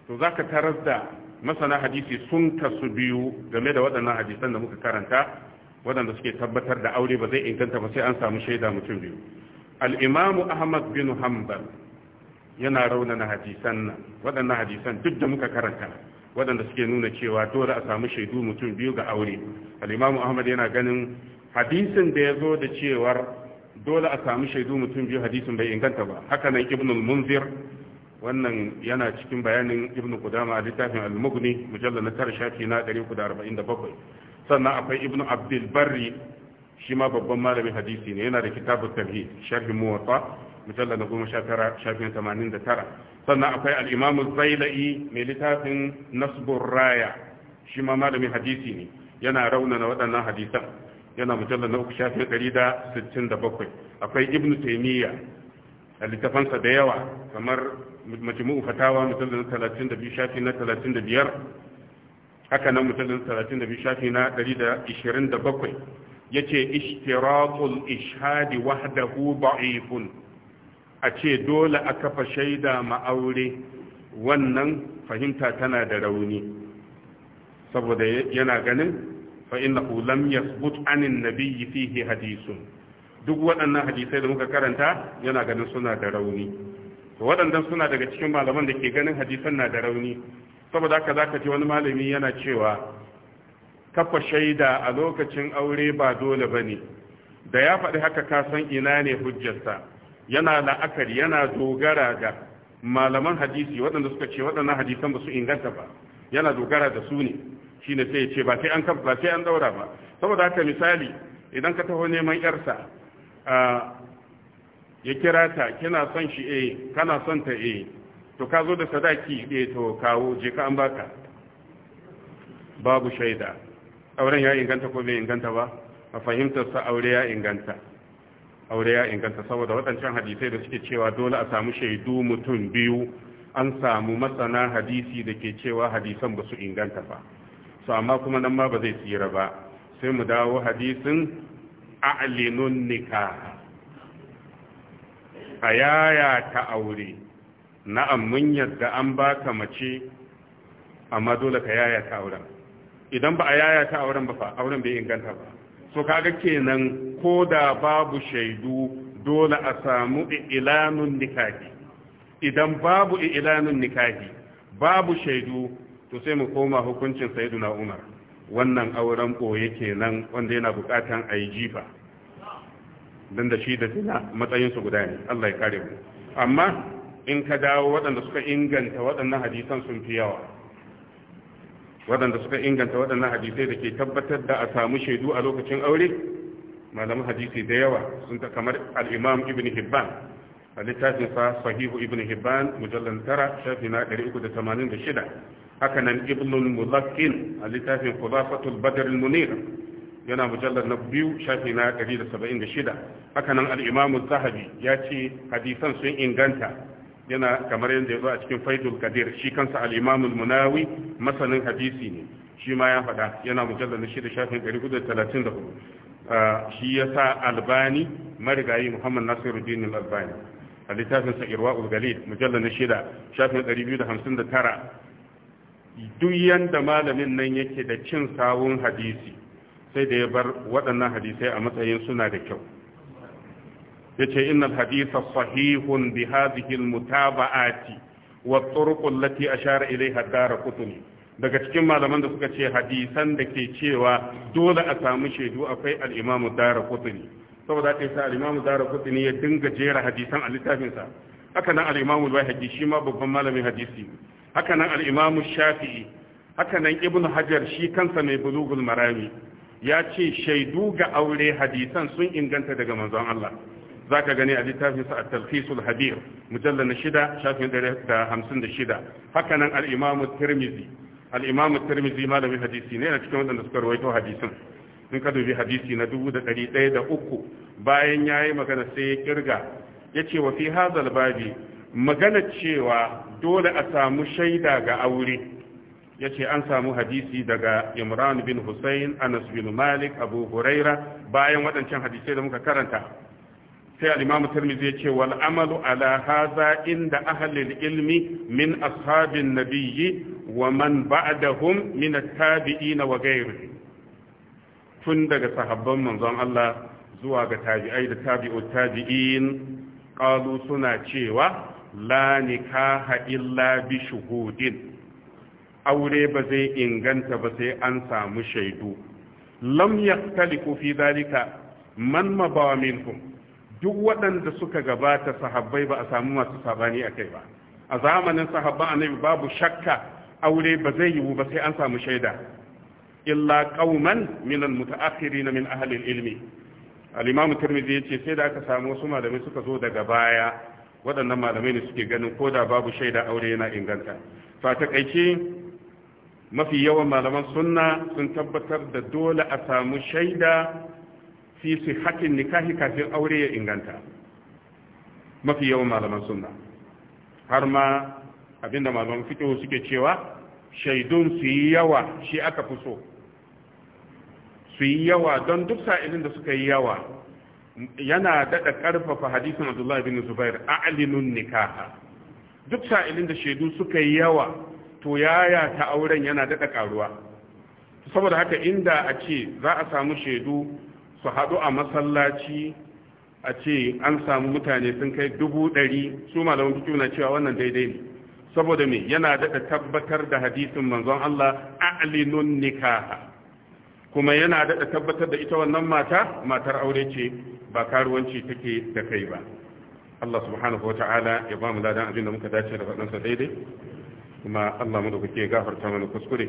to zaka tarar da masana hadisi sun kasu biyu game da waɗannan hadisan da muka karanta waɗanda suke tabbatar da aure ba zai inganta ba sai an samu shaida mutum biyu al'imamu ahmad bin hanbal yana raunana hadisan nan waɗannan hadisan duk da muka karanta waɗanda suke nuna cewa dole a samu shaidu mutum biyu ga aure al'imamu ahmad yana ganin hadisin da ya zo da cewar dole a samu shaidu mutum biyu hadisin bai inganta ba hakanan nan ibn wannan yana cikin bayanin ibn Kudama a littafin Almugni mujallar na tara shafi na 347 sannan akwai ibn abdul barri shi ma babban malamin hadisi ne yana da kitabu tarhi sharhi muwatta mujalla na goma sha tara shafin tamanin da tara sannan akwai al'imamu zaila'i mai littafin nasbun raya shi ma malamin hadisi ne yana raunana waɗannan hadisan yana mujalla na uku shafin ɗari da sittin da bakwai akwai ibnu taimiyya a littafansa da yawa kamar majmu'u fatawa mujalla na talatin da biyu shafi na talatin da biyar haka nan mujalla na talatin da biyu shafi na ɗari da ishirin da bakwai yace ishtiratul ishadi wahdahu da'ifun a ce dole a kafa shaida ma'aure wannan fahimta tana da rauni saboda yana ganin fa innahu lam yasbut anin nabiyyi fihi hadithun duk waɗannan hadisai da muka karanta yana ganin suna da rauni waɗannan suna daga cikin malaman da ke ganin hadisan na da rauni saboda haka zaka ji wani malami yana cewa Tafa shaida a lokacin aure ba dole ba ne da ya faɗi haka kasan ina ne hujjarsa yana la'akari yana dogara ga malaman hadisi waɗanda suka ce waɗannan hadisan ba su inganta ba yana dogara da su ne shi ne sai ce ba sai an ba sai an daura ba saboda haka misali idan ka taho neman yarsa ya kira ta kina son shi eh kana son ta eh to ka zo da sadaki eh to kawo je ka an baka babu shaida auren ya inganta ko bai inganta ba a fahimtarsa aure ya inganta aure ya inganta saboda waɗancan hadisai da suke cewa dole a samu shaidu mutum biyu an samu masana hadisi da ke cewa hadisan ba su inganta ba su amma kuma nan ma ba zai tsira ba sai mu dawo hadisin a'linun nikah a yaya ta aure na'am mun yadda an baka mace amma dole ka yaya ta auren idan ba a yaya ta auren ba fa auren bai inganta ba so kaga kenan ko da babu shaidu dole a samu ilanun nikahi idan babu ilanun nikahi babu shaidu to sai mu koma hukuncin sayyiduna umar wannan auren boye kenan wanda yana bukatan a jifa don da shi da zina matsayinsu guda ne Allah ya kare mu amma in ka dawo waɗanda suka inganta waɗannan hadisan sun fi yawa waɗanda suka inganta waɗannan hadisai da ke tabbatar da a samu shaidu a lokacin aure malamin hadisi da yawa sun ta kamar al'imam ibn hibban a littafin sa sahihu ibn hibban mujallar tara shafi na 386 haka nan ibn mulakin a littafin kudafatul badar munir yana mujallar na biyu shafi na 176 haka nan zahabi ya ce hadisan sun inganta yana kamar yadda ya zo a cikin faidul kadir shi kansa al'imamul munawi masanin hadisi ne shi ma ya faɗa yana mujallar na shida shafin 434 ah, shi ya sa albani marigayi muhammad nasiruddin albani a littafin sa irwa ulgalid mujallar na shida shafin 259 duk yadda malamin nan yake da cin sawun hadisi sai da ya bar waɗannan hadisai a matsayin suna da kyau yace innal haditha sahihun bi hadhihi mutaba'ati wa a allati ashara ilayha ad-darqutni daga cikin malaman da suka ce hadisan da ke cewa dole a samu shaidu akwai al-imam ad-darqutni saboda kai sa al-imam ad-darqutni ya dinga jera hadisan a littafinsa haka nan al-imam al-bayhaqi shi ma babban malamin hadisi haka nan al-imam shafi'i haka nan ibn hajar shi kansa mai bulugul marami ya ce shaidu ga aure hadisan sun inganta daga manzon Allah za ka gani a littafinsa a talfisul habir mujallar na shida shafin da hamsin da shida haka nan al'imamu tirmizi al'imamu tirmizi malamin hadisi ne na cikin waɗanda suka rawaito hadisin in ka dubi hadisi na dubu da ɗari ɗaya da uku bayan ya yi magana sai ya kirga ya ce wa fi hazal babi magana cewa dole a samu shaida ga aure ya ce an samu hadisi daga imran bin hussein anas bin malik abu huraira bayan waɗancan hadisai da muka karanta sai al-imam tirmidhi yace wal amalu ala hadha inda ahli al-ilmi min ashabin nabiyyi wa man ba'dahum min at-tabi'in wa ghayrihi tun daga sahabban manzon Allah zuwa ga tabi'ai da tabi'ut tabi'in qalu suna cewa la nikaha illa bi shuhudin aure ba zai inganta ba sai an samu shaidu lam yaktaliku fi dhalika man mabawa minkum duk waɗanda suka gabata sahabbai ba a samu masu sabani a kai ba a zamanin sahabba annabi babu shakka aure ba zai yiwu ba sai an samu shaida illa ƙauman min al na min ahalin ilmi al-imam tirmidhi sai da aka samu wasu malamai suka zo daga baya waɗannan malamai ne suke ganin da babu shaida aure yana inganta fa takaice mafi yawan malaman sunna sun tabbatar da dole a samu shaida fi sihhatin nikahi kafin aure ya inganta mafi yawan malaman sunna har ma abinda malaman fito suke cewa shaidun su yi yawa shi aka fi so su yi yawa don duk sa'ilin da suka yi yawa yana daɗa ƙarfafa hadisin abdullahi bin zubair a'linun nikaha duk sa'ilin da shaidu suka yi yawa to yaya ta auren yana daɗa ƙaruwa saboda haka inda a ce za a samu shaidu su haɗu a masallaci a ce an samu mutane sun kai dubu ɗari su malamin fiƙi na cewa wannan daidai ne saboda me yana daɗa tabbatar da hadisin manzon Allah a'linun nikaha kuma yana daɗa tabbatar da ita wannan mata matar aure ce ba karuwanci take da kai ba Allah subhanahu wata'ala ya ba mu ladan abin da muka dace da faɗansa daidai kuma Allah mu da kuke gafarta mana kuskure